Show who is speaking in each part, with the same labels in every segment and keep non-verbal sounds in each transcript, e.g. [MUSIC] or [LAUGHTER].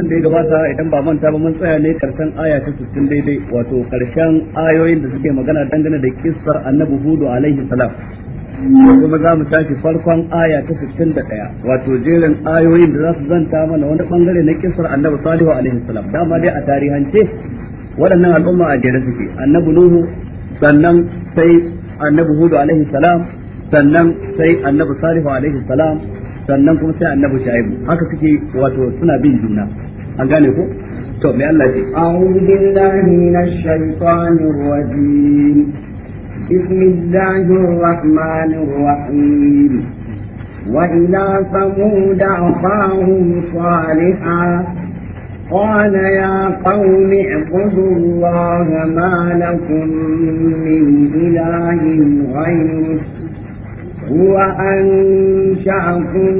Speaker 1: darasin da ya gabata idan ba manta ba mun tsaya ne karshen aya ta 60 daidai wato karshen ayoyin da suke magana dangane da kissar annabi hudu alaihi salam kuma za mu tashi farkon aya ta 61 wato jerin ayoyin da za su zanta mana wani bangare na kissar annabi salihu alaihi salam dama dai a tarihance waɗannan al'umma a jere suke annabi nuhu sannan sai annabi hudu alaihi salam sannan sai annabi salihu alaihi salam sannan kuma sai annabi shaibu haka suke wato suna bin juna an gane ko to mai Allah ce a'udhu billahi
Speaker 2: minash shaitanir rajim bismillahir rahmanir rahim وإلى ثمود أخاهم صالحا قال يا قوم اعبدوا الله ما لكم من إله غيره هو أنشأكم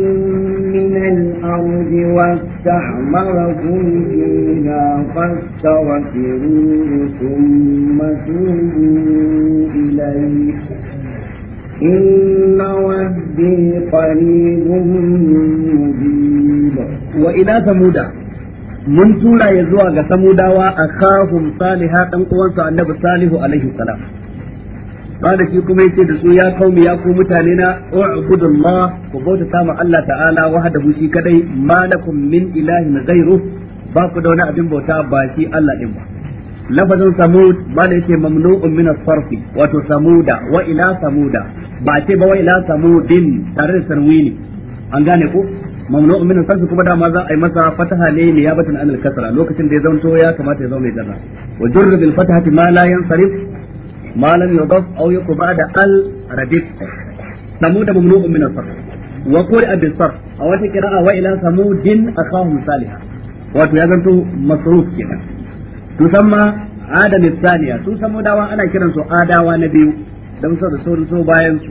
Speaker 2: من الأرض واستعمركم فيها فاستغفروه ثم توبوا إليه إن ودي قريب مجيب
Speaker 1: وإلى ثمود من tura يزوى zuwa ga صالحا a kahum saliha dan uwansa annabi qala shi kuma yace da su ya kaumi ya ku mutane na Allah, ku bauta sama Allah ta'ala wahdahu shi kadai malakum min ilahin ghairu ba ku da wani abin bauta ba shi Allah din ba lafazin samud ba da yake mamnu'un min as-sarfi wato samuda wa ila samuda ba ce ba wa ila samudin tare da sarwini an gane ku. mamnu'un min as-sarfi kuma dama za a yi masa fataha ne ne ya batan anil kasra lokacin da ya zanto ya kamata ya zama mai jarra wa jurra bil fatahati ma la yansarif Malam al ما لم يضف أو يقف بعد ال ردف ثمود ممنوع من الصرف وقرئ بالصرف أو قراءة وإلى ثمود أخاهم صالحا wato ya zanto masruf kenan to san ma adam tsaniya su san mudawa ana kiran su adawa na biyu dan su da sauran so bayan su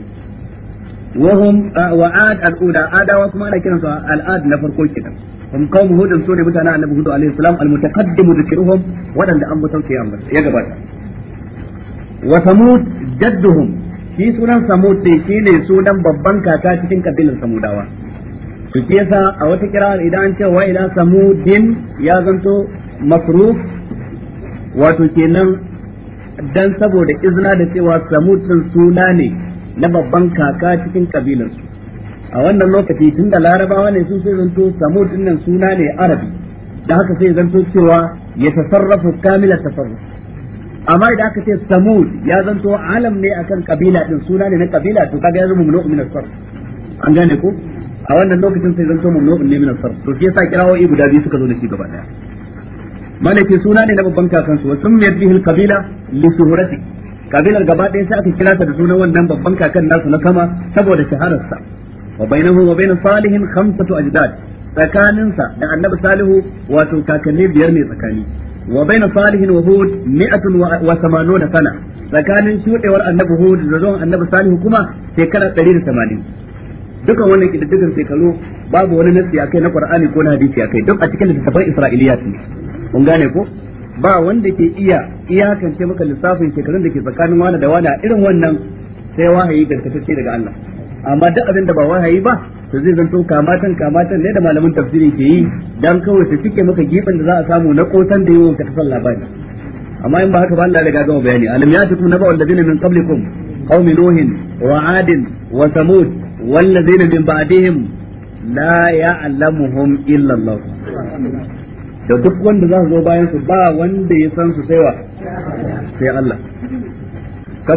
Speaker 1: wahum wa ad al-ula adawa kuma ana kiran su al-ad na farko kenan hum qaum hudun sune mutanen annabi hud alaihi salam al-mutaqaddim dhikruhum wadanda an mutauke ya gabata wa samud jadduhum shi sunan samud dai shine sunan babban kaka cikin kabilar samudawa to shi a wata kira idan an ce wa ila samudin ya zanto masruf wato kenan dan saboda izina da cewa samud din suna ne na babban kaka cikin kabilar su a wannan lokaci tun da larabawa ne su sai zanto samud din nan suna ne arabi da haka sai zanto cewa ya tasarrafu kamilar tasarruf amma idan aka ce samud ya zanto alam ne akan kabila din suna ne na kabila to kaga ya zama mumnu min asfar an gane ko a wannan lokacin sai zanto mumnu ne min asfar to shi yasa kirawoyi guda biyu suka zo da shi gaba daya malaki suna ne na babban kakan su wasu mai bihil kabila li suhurati kabilar gaba ɗaya sai aka kira ta da sunan wannan babban kakan nasu na kama saboda shahararsa wa bainahu wa bain salihin khamsatu ajdad tsakaninsa da annabi salihu wato kakanni biyar ne tsakani wa bayna salih wa hud 180 sana tsakanin shudewar annabi hud da zuwan annabi salih kuma shekara 180 dukan wannan kididdigan shekaru babu wani nasi akai na qur'ani ko na hadisi kai duk a cikin littafin isra'iliyat ne kun gane ko ba wanda ke iya iyakance maka lissafin shekarun da ke tsakanin wani da wani a irin wannan sai wahayi garkatacce daga Allah amma duk abin da ba wahayi ba to zai zanto kamatan kamatan ne da malamin tafsiri ke yi dan kawai su cike maka gibin da za a samu na kosan da yawan ka ta labari amma in ba haka ba Allah ya gama bayani alam yatikum naba'ul ladina min qablikum qaum nuhin wa adin wa samud wal ladina min ba'dihim la ya'lamuhum illa Allah da duk wanda za su zo bayan su ba wanda ya san su sai wa sai Allah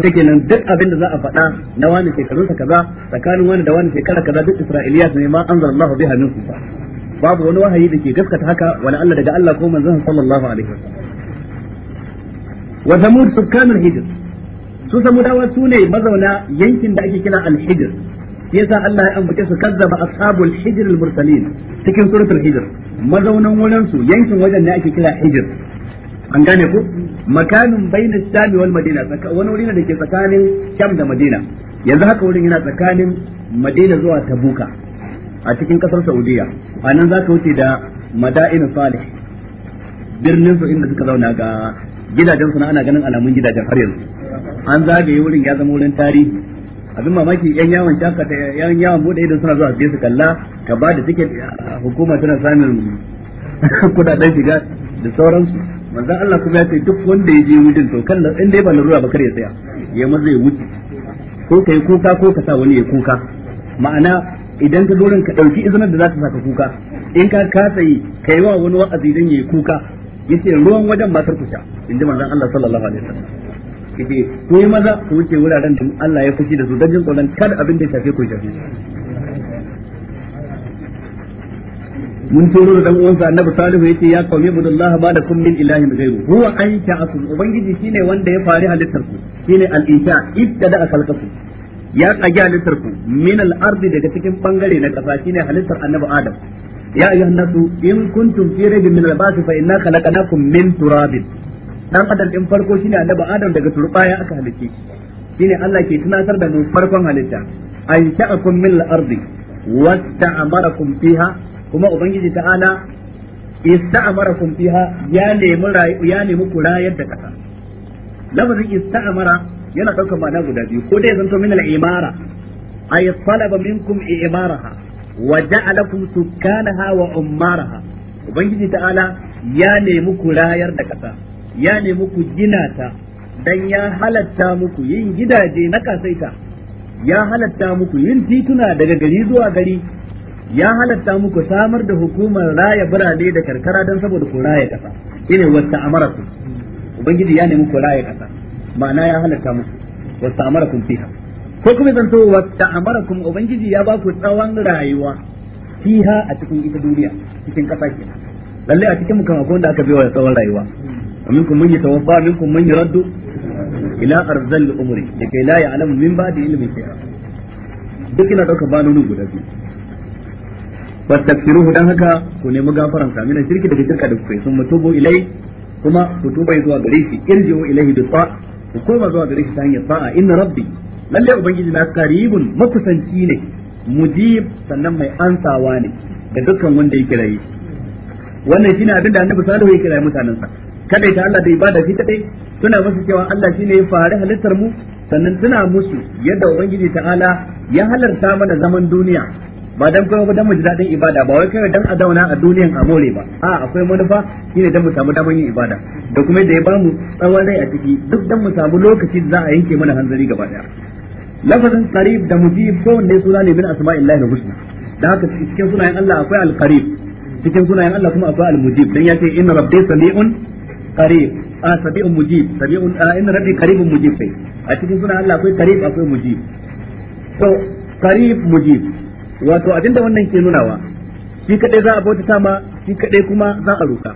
Speaker 1: kaga nan duk abin da za a faɗa na wani shekarun sa kaza tsakanin wani da wani shekara kaza duk Isra'iliyat ne ma anzalallahu biha min fa. babu wani wahayi da ke gaskata haka wani Allah daga Allah ko manzon sallallahu alaihi wasallam wa thamud sukanul hijr su samudawa su ne mazauna yankin da ake kira al-hijr yasa Allah ya ambace su kazzaba ashabul hijr al-mursalin cikin suratul hijr mazaunan wurin su yankin wajen ne ake kira hijr an gane ku makanin bayin sami wal madina wani wuri ne dake tsakanin sham da madina yanzu haka wurin yana tsakanin madina zuwa tabuka a cikin kasar saudiya a nan za ka wuce da mada'in salih birnin su inda suka zauna ga gidajen su ana ganin alamun gidajen har yanzu an zagaye wurin ya zama wurin tarihi abin mamaki yan yawon shaka yan yawon bude idan suna zuwa su su kalla ka ba da tiket hukuma tana samun [LAUGHS] kudaden shiga da sauransu manzon Allah kuma ya ce duk wanda ya je wurin to kan in dai ba larura ba kar ya tsaya ya maza ya wuce ko kai kuka ko ka sa wani ya kuka ma'ana idan ka zo ka dauki izinin da za ka saka kuka in ka kasa yi kai wa wani wa'azi dan yi kuka yace ruwan wajen ba tarku sha inji manzon Allah sallallahu alaihi wasallam yace ko yi maza ku wuce wuraren da Allah ya fushi da su dan jin tsoron kada abin da ya shafe ku shafe mun turo da dan uwansa annabi salihu yace ya qawmi budullahi ba da lakum min ilahin ghayru huwa ansha'akum ubangiji shine wanda ya fari halittar ku shine al-insha da khalqakum ya kage halittar ku min al-ardi daga cikin bangare na kasa shine halittar annabi adam ya ayyuhan nasu in kuntum fi raybin min al-ba'th fa inna khalaqnakum min turabin dan adam din farko shine annabi adam daga turbaya aka halice shine Allah ke tunatar da mu farkon halitta ansha'akum min al-ardi wasta'amarakum fiha kuma ubangiji ta'ala ista'marakum fiha ya nemi ya nemi ku rayar da kasa lafazin ista'mara yana daukar ma'ana guda biyu ko dai zanto min al-imara ay talaba minkum i'maraha wa ja'alakum sukkanaha wa ummaraha ubangiji ta'ala ya nemi ku da kasa ya nemi ku gina ta dan ya halatta muku yin gidaje na kasaita ya halatta muku yin tituna daga gari zuwa gari ya halatta muku samar da hukumar raya birane da karkara don saboda ku raya kasa ine amara ku ubangiji ya nemi ku raya kasa ma'ana ya halatta muku amara ku fiha ko kuma zan wata amara ku ubangiji ya ba ku tsawon rayuwa fiha a cikin ita duniya cikin kasa ke lalle a cikin mukan akwai wanda aka biya tsawon rayuwa Amin kun minkum amin kun mun yi raddu. ila arzal umri da kai la alamu min ba'di ilmin fiha duk ina daukar banonu guda biyu fastaghfiruhu dan haka ku nemi gafaran sa mina shirki daga shirka da kuke sun mutubu ilai kuma ku tuba zuwa gare shi irji'u ilaihi bi ta ku koma zuwa gare shi ta hanyar sa'a inna rabbi lalle ubangiji na karibun makusanci ne mujib sannan mai ansawa ne da dukkan wanda yake rayi wannan shine abin da annabi sallallahu alaihi wasallam ya mutanen sa kada ta Allah da ibada shi kadai suna musu cewa Allah shi ne ya fara halittar mu sannan suna musu yadda ubangiji ta'ala ya halarta mana zaman duniya ba dan kuma ba dan mu ji dadin ibada ba wai kai dan a zauna a duniyan a more ba a akwai manufa shine dan mu samu daman yin ibada da kuma da ya bamu tsawon rai a ciki duk dan mu samu lokaci za a yanke mana hanzari gaba daya lafazin qarib da mujib ko ne suna ne min asma'illahi al-husna da haka cikin sunayen Allah akwai al-qarib cikin sunayen Allah kuma akwai al-mujib dan yace inna rabbi sami'un qarib a sami'un mujib sami'un inna rabbi qaribun mujib sai a cikin sunan Allah akwai qarib akwai mujib to qarib mujib wato abinda wannan ke nunawa shi kadai za a bauta sama shi kadai kuma za a roka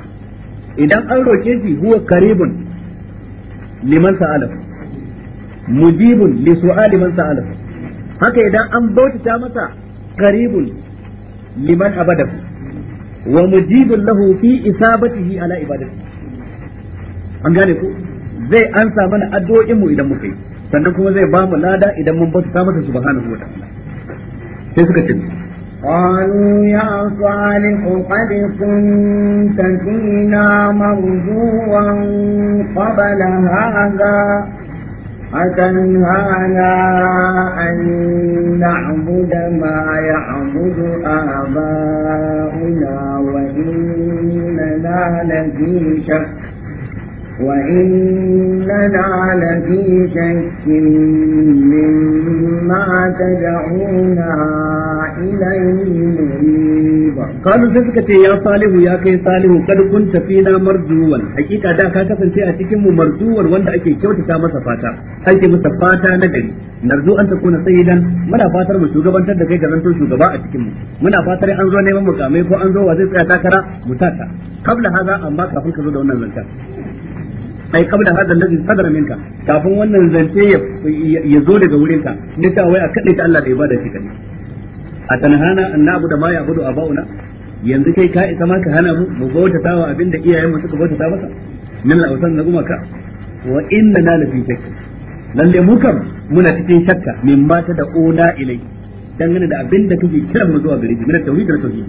Speaker 1: idan an roke shi huwa karibun liman sa'alaf mujibun li su'ali man sa'alaf haka idan an bauta masa karibun liman abada wa mujibun lahu fi isabatihi ala ibadati an gane ku zai ansa mana addu'o'in mu idan mu kai sannan kuma zai ba mu lada idan mun bauta masa subhanahu wa ta'ala sai suka ce
Speaker 2: قالوا يا صالح قد كنت فينا مرجوا قبل هذا أتنهانا أن نعبد ما يعبد آباؤنا وإننا لفي شك وإننا لفي شك مما تدعونا إليه مريب
Speaker 1: قالوا سيسكة يا صالح يا كي صالح قد كنت فينا مرجوا حقيقة دا كاكا سنتي wanda ake kyautata masa fata, تاما masa fata na gari. narzu an takuna sayyidan muna fatar mu shugabantar da kai ga zanto shugaba a cikin mu muna fatar an zo neman mukamai ko an zo wa zai tsaya takara mutata kabla haza amma kafin ka zo da wannan zantar ai kabla hada ladin sadara minka kafin wannan zance ya zo daga wurinka ne ta wai a kade ta Allah da ibada shi kadai a tanhana an da ma ya'budu abauna yanzu kai ka isa ma ka hana mu mu bautata wa abinda iyayen mu suka bautata masa min la'usan na ka? wa inna na lafi shakka lalle mu kam muna cikin shakka min mata da ona ilai dangane da abinda kake kiran mu zuwa gare shi min tauhid da tauhid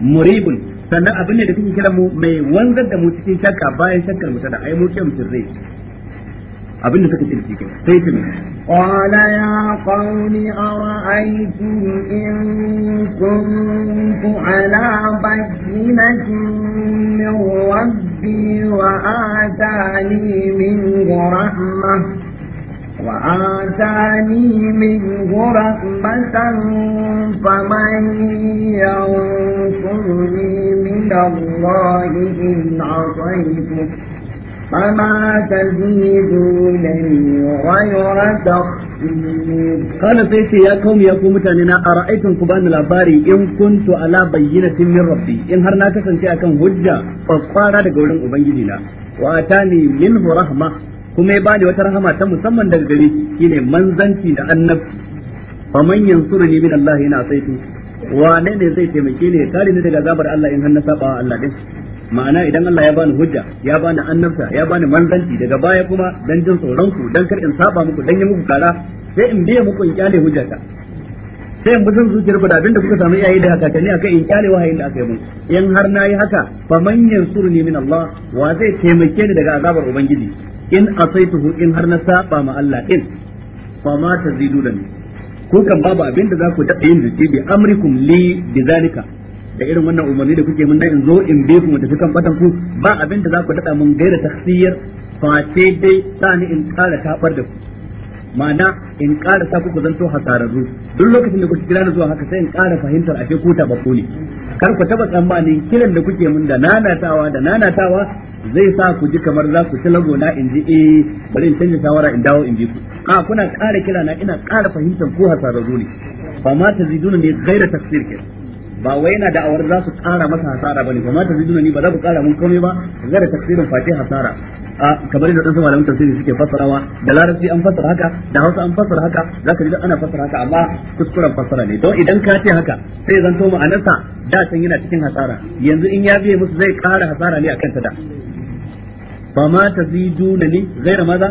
Speaker 1: muribun sannan abin ne da kuke kira mu mai wanzar da mu cikin shakka bayan shakkar mu ta ai mu ce mu sirri abin da kake ce cikin sai ta ne
Speaker 2: qala ya qawmi ara'aytum in kuntu ala bayyinati min rabbi wa atani min rahmah وآتاني منه رحمة فمن ينصرني من الله إن عصيته فما
Speaker 1: تزيدونني
Speaker 2: غير تخسير
Speaker 1: قال سيتي يا قوم يا قوم تانينا أرأيتم كبان الأباري إن كنت على بينة من ربي إن هرنا كسنتي أكن وجة فقارا دقولن أبنجدنا وآتاني منه رحمة kuma ya bani wata rahama ta musamman daga gare shi shine manzanci da annabci man yansuruni min Allah yana saitu wane ne zai taimake ni da kare ni daga zabar Allah in har na Allah din ma'ana idan Allah ya bani hujja ya bani annabta ya bani manzanci daga baya kuma dan jin tsoron ku dan kar in saba muku dan yi muku kara sai in biya muku in kyale hujjata sai in sun zuciyar ku da abin da kuka samu iyaye da haka tani akai in kyale wahayin da aka yi mun in har nayi haka fa man yansuruni min Allah wa zai taimake ni daga azabar ubangiji in asaituhu in har na saba ma Allah in fa ma tazidudani ko kan babu abin da za ku daɗa yin zuci bi amrikum li bizalika da irin wannan umarni da kuke mun da in zo in bi ku da tafi kan fatan ku ba abin da za ku daɗa mun gaira tafsir fa sai dai sani in kara tabar da ku ma'ana in ƙara sa ku zanto hasararru duk lokacin da kuke kira ni zuwa haka sai in ƙara fahimtar ashe ko ta bako ne kar ku taba tsammanin kiran da kuke mun da nanatawa da nanatawa zai sa ku ji kamar za ku ci lago na in ji eh bari in canza shawara in dawo in ji ku a kuna ƙara kira na ina ƙara fahimtar ko hasararru ne fa ma ta taziduna ne gaira tafsir kenan ba wai yana da awar za su tsara masa hasara bane ba ma ta ziduna ni ba za ku kara mun komai ba da tafsirin fati hasara a kamar da wasu malaman tafsiri suke fassarawa da larabci an fassara haka da hausa an fassara haka zaka ji ana fassara haka amma kuskuren fassara ne don idan ka ce haka sai zanto ma'anarsa da can yana cikin hasara yanzu in ya biye musu zai kara hasara ne akan ta da ba ma ta ziduna ni gaira maza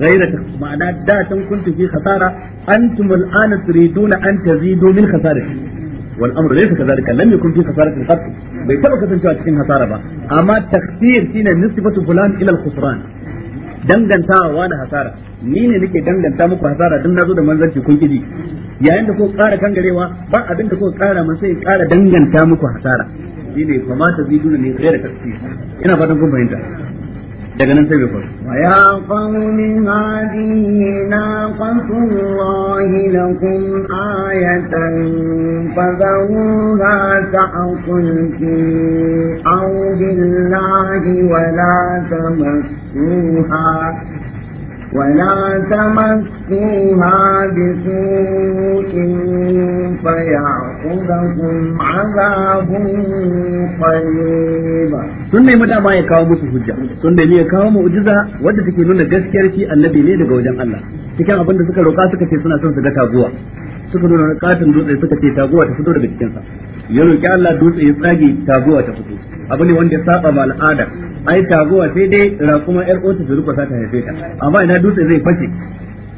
Speaker 1: غير معناه دا كنت في خسارة أنتم الآن تريدون أن تزيدوا من hasara. wal amru laysa kadhalika lam yakun fi khasaratil qat bai taba kasancewa cikin hasara ba amma takfir shine nisbatu fulan ila al khusran dangantawa da hasara ni ne nake danganta muku hasara dan nazo da manzanci kun kiji yayin da ko ƙara kangarewa ba abin da ko ƙara mun sai ƙara danganta muku hasara shine fa ta taziduna ne sai da takfir ina fatan kun fahimta daga nan sai bai faru ya
Speaker 2: qawmi hadhihi naqatullahi lakum ayatan fadhuha ta'qul fi awdillahi wa la tamassuha ولا تمسوها بسوء فيعقبكم عذاب
Speaker 1: قريب sun nemi dama ya kawo musu hujja sun nemi ya kawo mu'jiza wadda take nuna gaskiyar shi annabi ne daga wajen Allah cikin abin da suka roƙa suka ce suna son su ga taguwa suka nuna katin dutse suka ce taguwa ta fito daga cikin sa ya roƙi Allah dutse ya tsage taguwa ta fito abu ne wanda ya saba ma al'ada ai taguwa sai dai raƙuma yar uwarta su rufa ta haife ta amma ina dutse zai fashe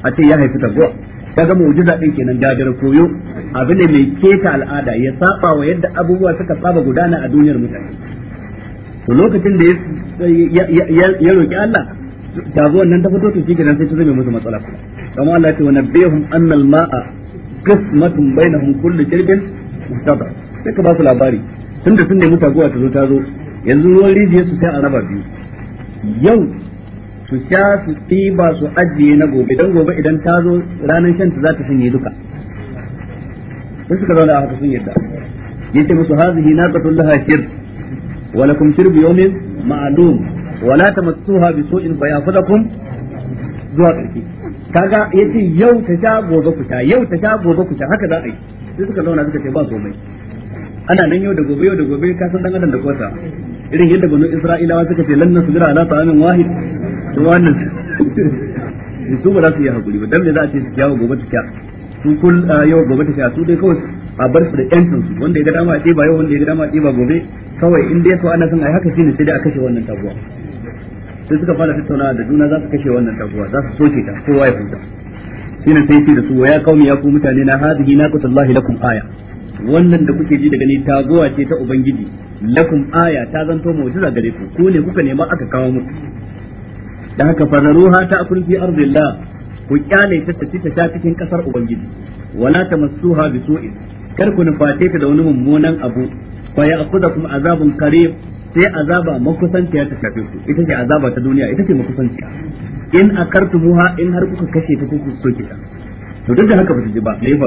Speaker 1: a ce ya haifi taguwa gama mu'jiza din kenan jajar koyo abu ne mai keta al'ada ya saba wa yadda abubuwa suka saba gudana a duniyar mutane to lokacin da ya roƙi Allah taguwan nan ta fito to shi gidan sai ta zame musu matsala kuma Allah ya ce wa nabbihum annal ma'a qismatun bainahum kullu jirgin mustadar sai ka ba su labari tun da sun nemi taguwa ta zo ta zo yanzu ruwan rijiyar su sai a raba biyu yau su sha su ɗiba su ajiye na gobe don gobe idan ta zo ranar shanta za ta sanye duka Sun suka zauna haka sun yadda ce musu hazihi naqatul laha shirk wa lakum shirbu ta ma'lum wa la in baya fada kum zuwa ƙarfi kaga ce yau ta sha gobe ku sha yau ta sha gobe ku sha haka za a yi sai suka zauna suka ce ba ana nan yau da gobe yau da gobe ka san dan adam da kosa irin yadda banu isra'ilawa suka ce lannan jira ala ta'amin wahid to wannan [LAUGHS] su ba za su yi hakuri ba dan me za a ce su kiyawo gobe ta kiya su kul yau gobe ta kiya su dai kawai a bar su da yancin su wanda ya ga dama a ba yau wanda ya ga dama a ba gobe kawai in dai so ana son ai haka ne sai dai a kashe wannan taguwa sai suka fara tattaunawa da juna za su kashe wannan taguwa za su soke ta kowa ya huta ne sai ce da su ya kauni ya ku mutane na na naqatullahi lakum aya wannan da kuke ji da gani ta zuwa ce ta ubangiji lakum aya ta zanto mu'jiza gare ku ko ne kuka nema aka kawo muku da haka fadaruha ta akul fi ardillah ku kyale ta tafi ta ta cikin kasar ubangiji wala tamassuha bi su'in kar ku nufate ta da wani mummunan abu fa ya'khudhukum azabun qarib sai azaba makusanciya ta shafe ku ita ce azaba ta duniya ita ce makusanciya in akartumuha in har kuka kashe ta kuka soke ta to duk da haka ba su ji ba me ya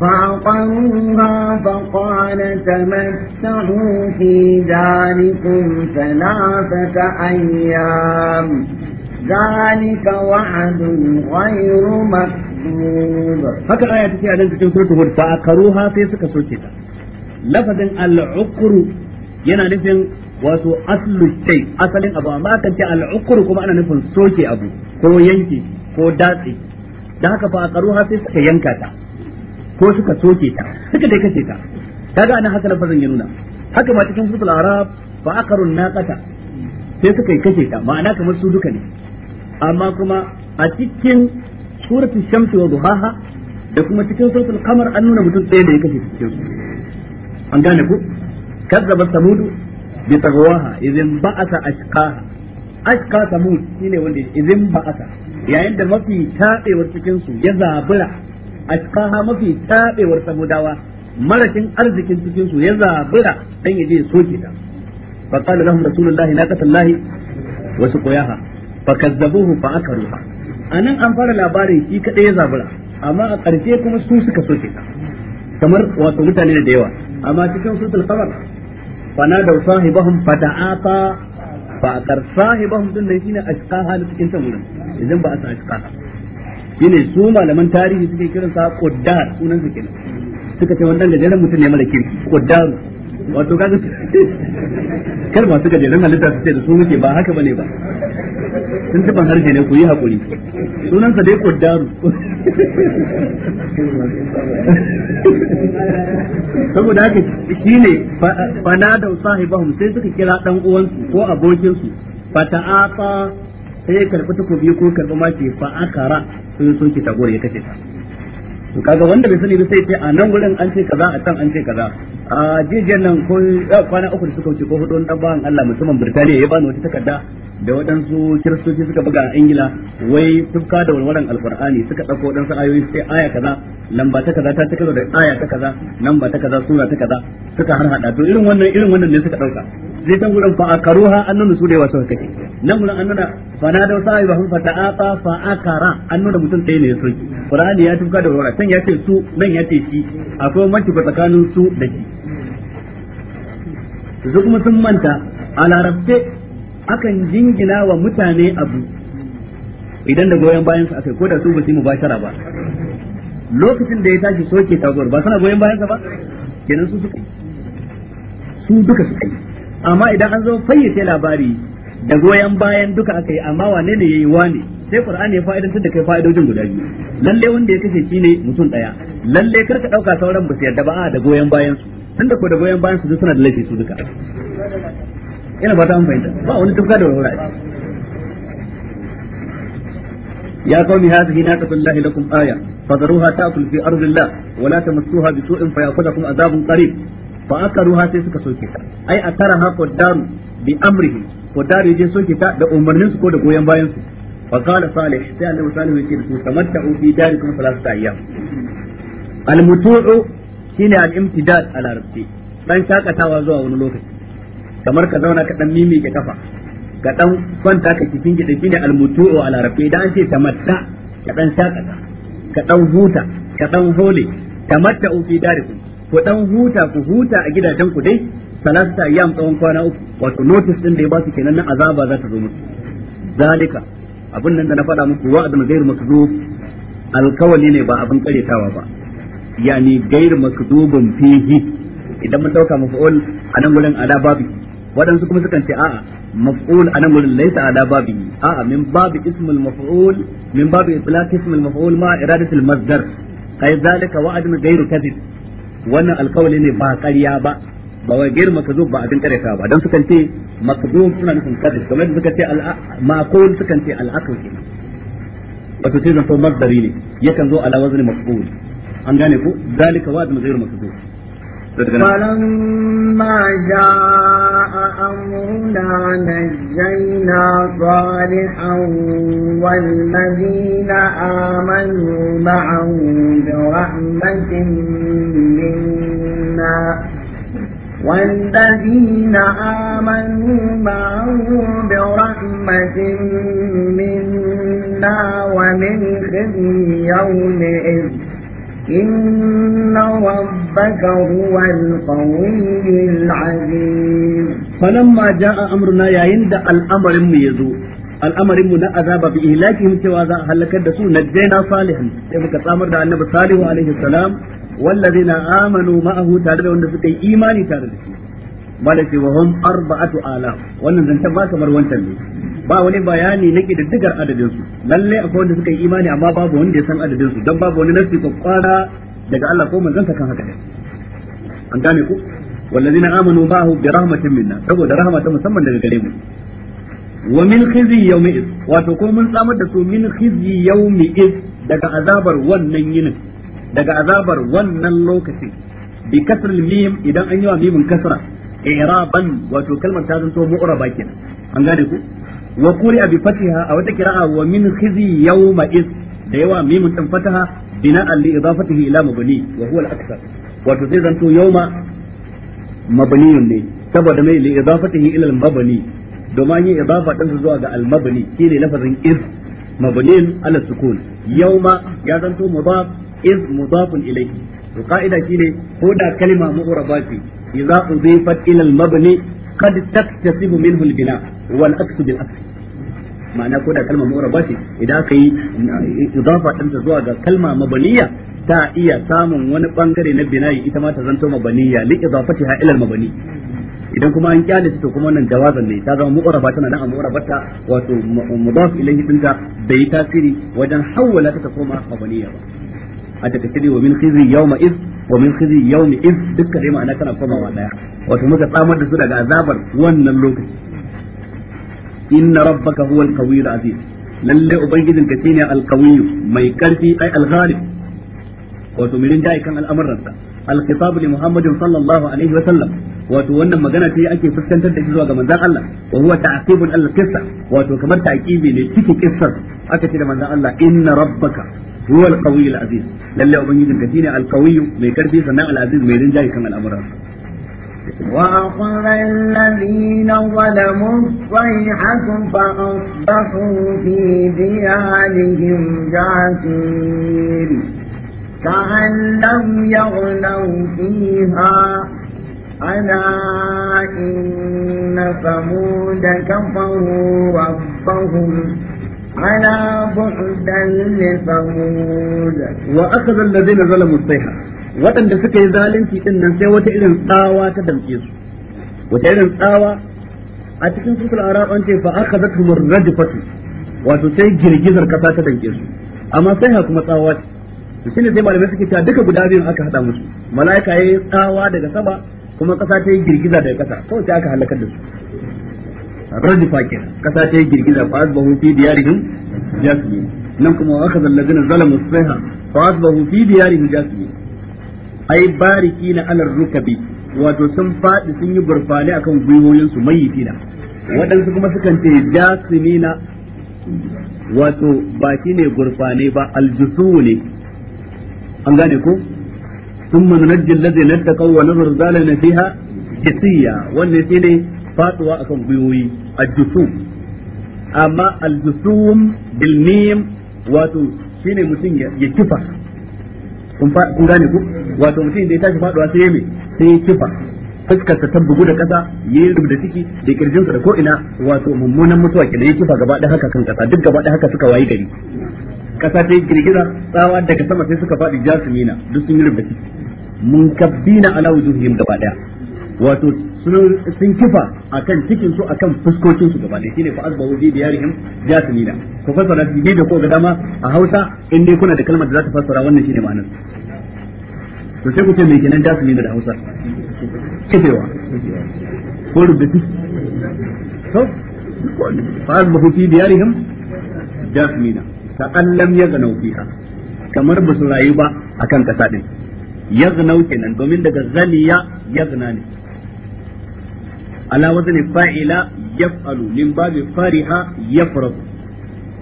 Speaker 2: فعقروها فقال تمتعوا في داركم ثلاثة أيام
Speaker 1: ذلك وعد غير مكذوب haka aya take a nan cikin suratul فعقروها في akaruha sai suka soke ta lafazin al yana nufin wato aslu shay asalin abu amma kan ce al'ukuru kuma ana nufin soke abu ko yanke ko datse da haka fa sai suka yanka ta ko suka soke ta suka dai kace ta kaga anan haka lafazin ya nuna haka ma cikin sutul arab fa aqarun naqata sai suka yi kace ta ma'ana kamar su duka ne amma kuma a cikin suratul shamsi wa duhaha da kuma cikin suratul qamar an nuna mutum ɗaya da ya kace cikin su an gane ku kazzabat samudu bi tagwaha idan ba'asa ashqaha ashqa samud shine wanda idan ba'asa yayin da mafi tabewar cikin su ya zabura ashqaha mafi tabewar samudawa marakin arzikin cikin su ya zabura dan yaje soke ta fa qala lahum rasulullahi naqatallahi wa suqiyaha fa kazzabuhu fa akaruha anan an fara labarin shi kadai ya zabura amma a ƙarshe kuma su suka soke ta kamar wato mutane da yawa amma cikin sutul khabar fa nada sahibahum ta'ata fa akar sahibahum din ne shine asqaha cikin tamunan idan ba a sa asqaha shine su malaman tarihi suke kiran sa quddar sunan su kenan suka ce wannan gajeren mutum ne mara kirki quddar wato kaga
Speaker 3: [LAUGHS]
Speaker 1: kar masu gajeren halitta su ce da su muke ba haka bane ba
Speaker 3: sun ban harshe
Speaker 1: ne ku yi hakuri sunan sa dai quddaru saboda haka shine fanadau sahibahum sai suka kira dan uwansu ko abokin su fata'ata sai ya karbi takobi ko karbi mace fa akara sun ke tagore ya kace ta kaga wanda bai sani ba sai ce a nan gurin an ce kaza a can an ce kaza a jijiyar nan ko kwana uku da suka wuce ko hudu dan bawan Allah musamman Birtaniya ya bani wata takarda da waɗansu kiristoci suka buga a Ingila wai tufka da walwalan alqur'ani suka dan waɗansu ayoyi sai aya kaza lamba ta kaza ta ta da aya ta kaza lamba ta kaza sura ta kaza suka har hada to irin wannan irin wannan ne suka ɗauka zai can gurin fa akaruha an su da yawa suka kace nan gurin annana nuna fa na da sai ba fa ta'ata fa akara annu da mutum sai ne ya soki qur'ani ya tuka da wannan can ya ce su nan ya ce shi akwai manci ba tsakanin su da shi su kuma sun manta a larabce akan jingina wa mutane abu idan da goyon bayan su akai ko da su ba su yi mubashara ba lokacin da ya tashi soke taguwar ba suna goyon bayan sa ba kenan su suka yi su duka suka yi amma idan an zo fayyace labari da goyon bayan duka aka yi amma wane ne yayi wane sai qur'ani ya fa'idantar da kai fa'idojin guda biyu lalle wanda ya kashe shi ne mutum daya lalle kar ka dauka sauran ba su yarda ba a da goyon bayan su tunda ko da goyon bayan su suna da laifi su duka ina fata an fahimta ba wani tufka da wurare يا قوم هذه ناقة الله لكم آية فذروها تأكل في أرض الله ولا تمسوها بسوء فيأخذكم عذاب قريب fa aka ruha sai suka soke ta ai a tara ha daru bi amrihi daru je soke ta da umarnin su ko da goyen bayan su fa qala salih sai annabi salih yake da su tamatta'u fi kuma salasata ayyam al mutu'u shine al imtidad al arabi dan shakatawa zuwa wani lokaci kamar ka zauna ka dan mimi ka kafa ga dan kwanta ka cikin gida shine al mutu'u al arabi dan an ce tamatta ka dan shakata ka dan huta ka dan hole tamatta'u fi kuma ku dan huta ku huta a gidajen ku dai salatu ayyam tsawon kwana uku wato notice din da ya ba su kenan nan azaba za ta zo musu zalika abin nan da na faɗa muku wa'adun ghairu makdub alkawali ne ba abin karetawa ba yani ghairu makdubun fihi idan mun dauka maf'ul a nan gurin ala babi waɗansu kuma sukan ce a'a maf'ul a nan gurin laysa ala babi a'a min babi ismul maf'ul min babi itlaq ismul maf'ul ma iradatul masdar kai zalika wa'adun gairu kadhib wannan alkawali ne ba ƙarya ba ba wai gair makazub ba abin karyata ba dan sukan ce makazub suna nufin kadis kamar suka ce maqul sukan ce al'aql kenan wato sai zan to masdari ne yakan zo ala wazni maf'ul an gane ko zalika wa'd ghairu makazub
Speaker 2: فلما جاء
Speaker 3: أمرنا
Speaker 2: نجينا صالحا والذين آمنوا معه برحمة منا والذين آمنوا معه برحمة منا ومن خزي يومئذ إن
Speaker 1: ربك هو القوي العزيز فلما جاء أمرنا يا يند الأمر يزو الأمر من أذاب بإهلاكهم سوى ذا هلك الدسو نجينا صالحا إذا تأمر دا النبي صالح عليه السلام والذين آمنوا معه تعالى وأن سكي إيماني تعالى مالك وهم أربعة آلاف وأن زنتم ما كمر وانتم ba wani bayani na kididdigar adadin su lalle akwai wanda suka yi imani amma babu wanda ya san adadin su dan babu wani nasi kwakwara daga Allah ko manzon kan haka ne an gane ku wallazina amanu ba'hu bi rahmatin minna saboda rahama ta musamman daga gare mu wa min khizyi yawmi id wato ko mun samar da su min khizyi yawmi id daga azabar wannan yinin daga azabar wannan lokacin bi kasr mim idan an yi wa mimin kasra i'raban wato kalmar ta zanto mu'raba kenan an gane ku wa quri'a bi fatiha a wata qira'a wa min khizi yawma iz da yawa mimun din fataha bina'an li idafatihi ila mabni wa huwa al-akthar wato zai zanto yawma mabniyun ne saboda mai li idafatihi ila al-mabni domin yin idafa din zuwa ga al-mabni shine lafazin iz ala sukun yawma ya zanto mudaf iz mudafun ilayhi to ka'ida shine ko da idza udifat ila al-mabni qad taktasibu minhu al-bina wal aksu bil aksu ma'ana ko da kalmar mura ce idan aka yi idafa ɗinta zuwa ga kalma mabaniya ta iya samun wani bangare na binayi ita ma ta zanto mabaniya li idafatiha ila mabani idan kuma an kyale ta to kuma wannan jawazan ne ta zama mu'araba tana nan a mu'arabata wato mudaf ilayhi bai yi tasiri wajen hawwala ta koma mabaniya ba a takasiri wa min khizi yawma iz wa min khizi yawmi iz dukkan dai ma'ana kana komawa daya wato muka tsamar da su daga azabar wannan lokaci inna rabbaka huwal qawiyul aziz lalle ubangijin ka shine alqawiy mai karfi ai alghalib wato mirin dai kan al'amuransa alkitabu li muhammadin sallallahu alaihi wa sallam wato wannan magana ce ake fuskantar da shi zuwa ga manzon Allah wa huwa ta'qibun al-qissa wato kamar ta'qibi ne cikin kissar aka ce da manzon Allah inna rabbaka huwa al-qawi al-aziz lalle ubangijin ka shine al-qawi mai karfi sannan al-aziz mai rinjaye kan al'amuran
Speaker 2: وأخذ الذين ظلموا الصيحة فأصبحوا في ديارهم جاثمين كأن لم يغنوا فيها ألا إن ثمود كفروا ربهم على
Speaker 1: بعد لثمود وأخذ الذين ظلموا الصيحة waɗanda suka yi zalunci din nan sai wata irin tsawa ta damke su wata irin tsawa a cikin wato sai girgizar kasa ta su amma sai kuma tsawa ce shine sai malamai suke cewa duka guda biyun aka hada musu mala'ika yi tsawa daga sama kuma kasa ta yi girgiza daga kasa kawai sai aka halakar da su rajifa kenan kasa ta yi girgiza fa asbahu fi diyarihim jasmi nan kuma wa akhadha alladhina zalamu sayha fa asbahu fi diyarihim jasmi ai bariki na ala rukabi wato sun fadi sun yi burfani akan gwiwoyin su mai mayyitina waɗansu kuma sukan ce jasmina wato baki ne gurfane ba aljusu ne an gane ko sun manunajjin lazai na taƙawa na zurzala na fiha kisiya wannan shi ne faduwa akan gwiwoyi ajjusum amma aljusum bil mim wato ne mutum ya kifa kun fa gane ku wato mutum da ya tashi faduwa sai me sai ya kifa fuskar ta tabbugu da kasa yayi da ciki da kirjinsa da ko ina wato mummunan mutuwa kenan ya kifa gaba da haka kan kasa duk gaba da haka suka wayi gari kasa ta yi girgiza tsawa daga sama sai suka faɗi jasumina duk sun yi rubda ciki mun kabbina ala wujuhihim gaba daya wato sun kifa akan cikin su akan fuskokin su gaba da shine fa azbahu bi diyarihim jasmina ku fassara shi da ko dama a Hausa in dai kuna da kalmar da za ta fasara wannan shine ma'anar to sai ku ce me kenan jasmina da Hausa kifewa ko rubutu to fa azbahu bi diyarihim jasmina ta allam yaganau fiha kamar ba su rayu ba akan kasa din yagnau kenan domin daga zaniya yagna ne ala wazni fa'ila yaf'alu min babi fariha yafrahu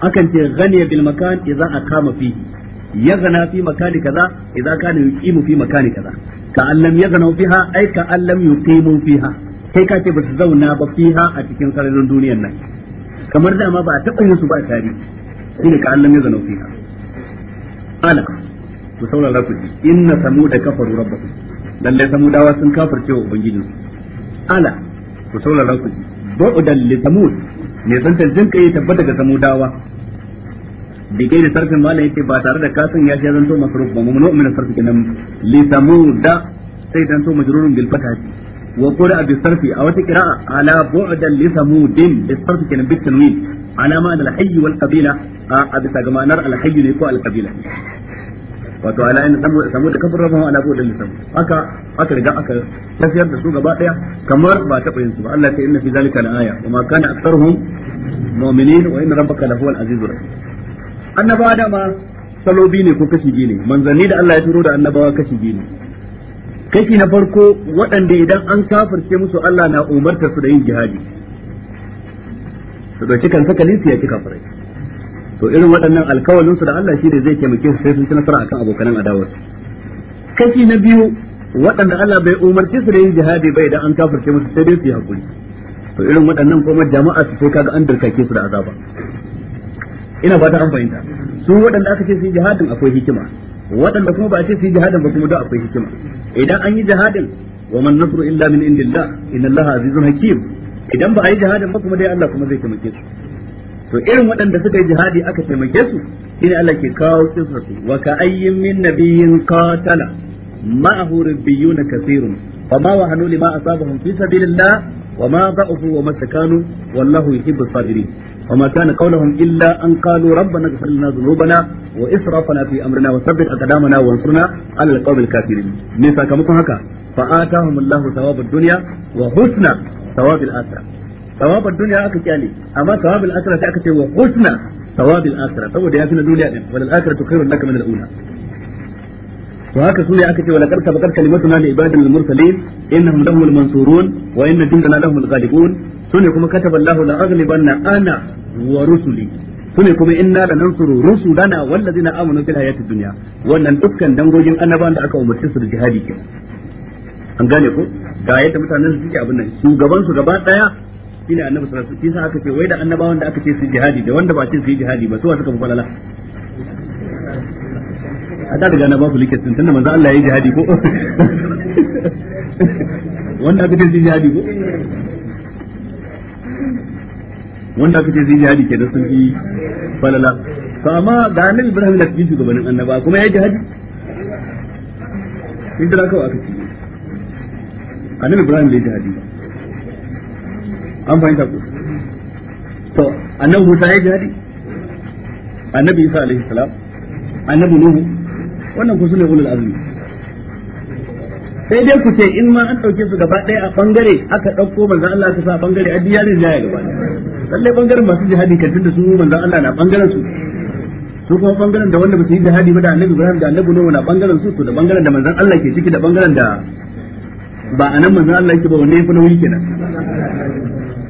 Speaker 1: akan ce ghaniya bil makan idza aqama fihi yazana fi makani kaza idza kana yuqimu fi makani kaza ka allam yazana fiha ay ka allam yuqimu fiha kai ka ce ba su zauna ba fiha a cikin sararin duniyar nan kamar da ma ba a taɓa yin su ba a tarihi shine ka allam yazana fiha ala ku saurara ku ji inna samuda kafaru rabbakum lalle samudawa sun kafirce wa ubangijinsu ala ku ranku ku bu'dan li samud ne ta jin kai tabbata ga samudawa bi kai da sarfin malam yake ba tare da kasan ya ce to masruf ba mu'minu min sarfi kenan li samuda sai to majrurun bil fatah wa qura bi sarfi aw ta qira'a ala bu'dan li samudin bi sarfi kenan bi tanwin ala ma al hayy wal qabila a bisa ga al hayy ne ko al qabila wato ala inna samu da kafin rabahu ala bu'dan lisam haka aka riga aka tafiyar da su gaba daya kamar ba ta yin su ba Allah ta inna fi zalika la aya wa ma kana aktharuhum mu'minin wa inna rabbaka lahuwal azizur rahim annabawa dama salobi ne ko kashi biyu ne manzanni da Allah ya turo da annabawa kashi biyu ne kashi na farko waɗanda idan an kafirce musu Allah na umartar su da yin jihadi su dauki kan saka linsu ya ci to irin waɗannan alkawalin su da Allah shi ne zai taimake su sai sun ci nasara akan abokanan adawar kashi na biyu waɗanda Allah bai umarci su da yin jihadi bai da an kafirce musu sai dai su yi hakuri to irin waɗannan kuma jama'a su sai kaga an dirkake su da azaba ina fata an fahimta su waɗanda aka ce su yi jihadin akwai hikima waɗanda kuma ba a ce su yi jihadin ba kuma da akwai hikima idan an yi jihadin wa man nasru illa min indillah inna allaha azizun hakim idan ba a yi jihadin ba kuma dai Allah kuma zai taimake su to irin waɗanda suka yi jihadi aka taimake su shine Allah ke kawo kisarsu wa ka ayyin min nabiyyin qatala ma'ahu rabbiyun kathirun fa ma wahanu lima asabahum fi sabilillah wa ma da'ufu wa mastakanu wallahu yuhibbus sabirin وما كان قولهم إلا أن قالوا ربنا اغفر لنا ذنوبنا وإسرافنا في أمرنا وثبت أقدامنا وانصرنا على القوم الكافرين من ساكمكم هكا فآتاهم الله ثواب wa husna ثواب الآخرة sawabul dunya aka kyale amma sawabul akhirah sai aka ce wa husna sawabul akhirah saboda ya fi na duniya din wal akhiratu khairun laka min al ula to haka su ne aka ce wala karta bakar kalimatuna li ibadil mursalin innahum lahumul wa inna jundana lahumul ghalibun sune kuma Allahu la ana wa sune kuma inna la nansuru rusulana wallazina amanu fil hayati dunya wannan dukkan dangogin annabawan da aka umarci su da jihadi ke an gane ko ga yadda mutanen su suke abin nan shugaban su gaba daya shine annabi sallallahu alaihi wasallam aka ce wai da annabawan da aka ce su jihadi da wanda ba ce su jihadi ba su wa suka mu falala a da daga na ba ku likitin tunda manzo Allah ya yi jihadi ko wanda aka ce su jihadi ko wanda aka ce su jihadi ke da sun yi falala to amma ga annabi Ibrahim da cikin banin annaba kuma ya yi jihadi in da kawai aka ce annabi Ibrahim yi jihadi ba an fahimta ku to annabi Musa ya jihadi annabi Isa alaihi salam annabi Nuhu wannan ku sune ulul azmi sai dai ku ce in ma an dauke su gaba daya a bangare aka dauko manzon Allah aka sa bangare a diyarin ya gaba lalle bangaren masu jihadi kan tunda su manzon Allah na bangaren su su kuma bangaren da wanda ba su yi jihadi ba da annabi Ibrahim da annabi Nuhu na bangaren su to da bangaren da manzon Allah ke ciki da bangaren da ba anan manzon Allah yake ba wanne yafi nauyi kenan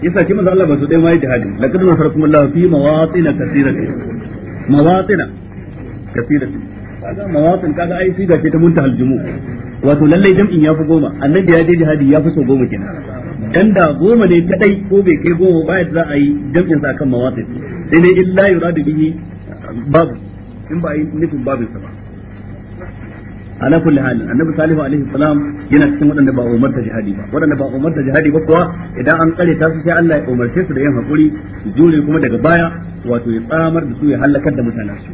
Speaker 1: yasa ki manzo Allah ba su dai mai jihadi laqad nasarakum Allah fi mawatin kathiratin mawatin kathiratin kaga mawatin kaga ai siga ce ta muntahal jumu wato lalle jam'in ya fi goma annabi ya je jihadi ya fi so goma kenan dan da goma ne kadai ko bai kai goma ba yadda za a yi jam'in sa kan mawatin sai ne illa yuradu bihi babu in ba yi nufin babin sa ba ala kulli hal annabi salihu alaihi salam yana cikin wadanda ba umarta jihadi ba wadanda ba umarta jihadi ba kuwa idan an tsare ta su sai Allah ya umarce su da yin hakuri su jure kuma daga baya wato ya tsamar da su ya halakar da mutanen su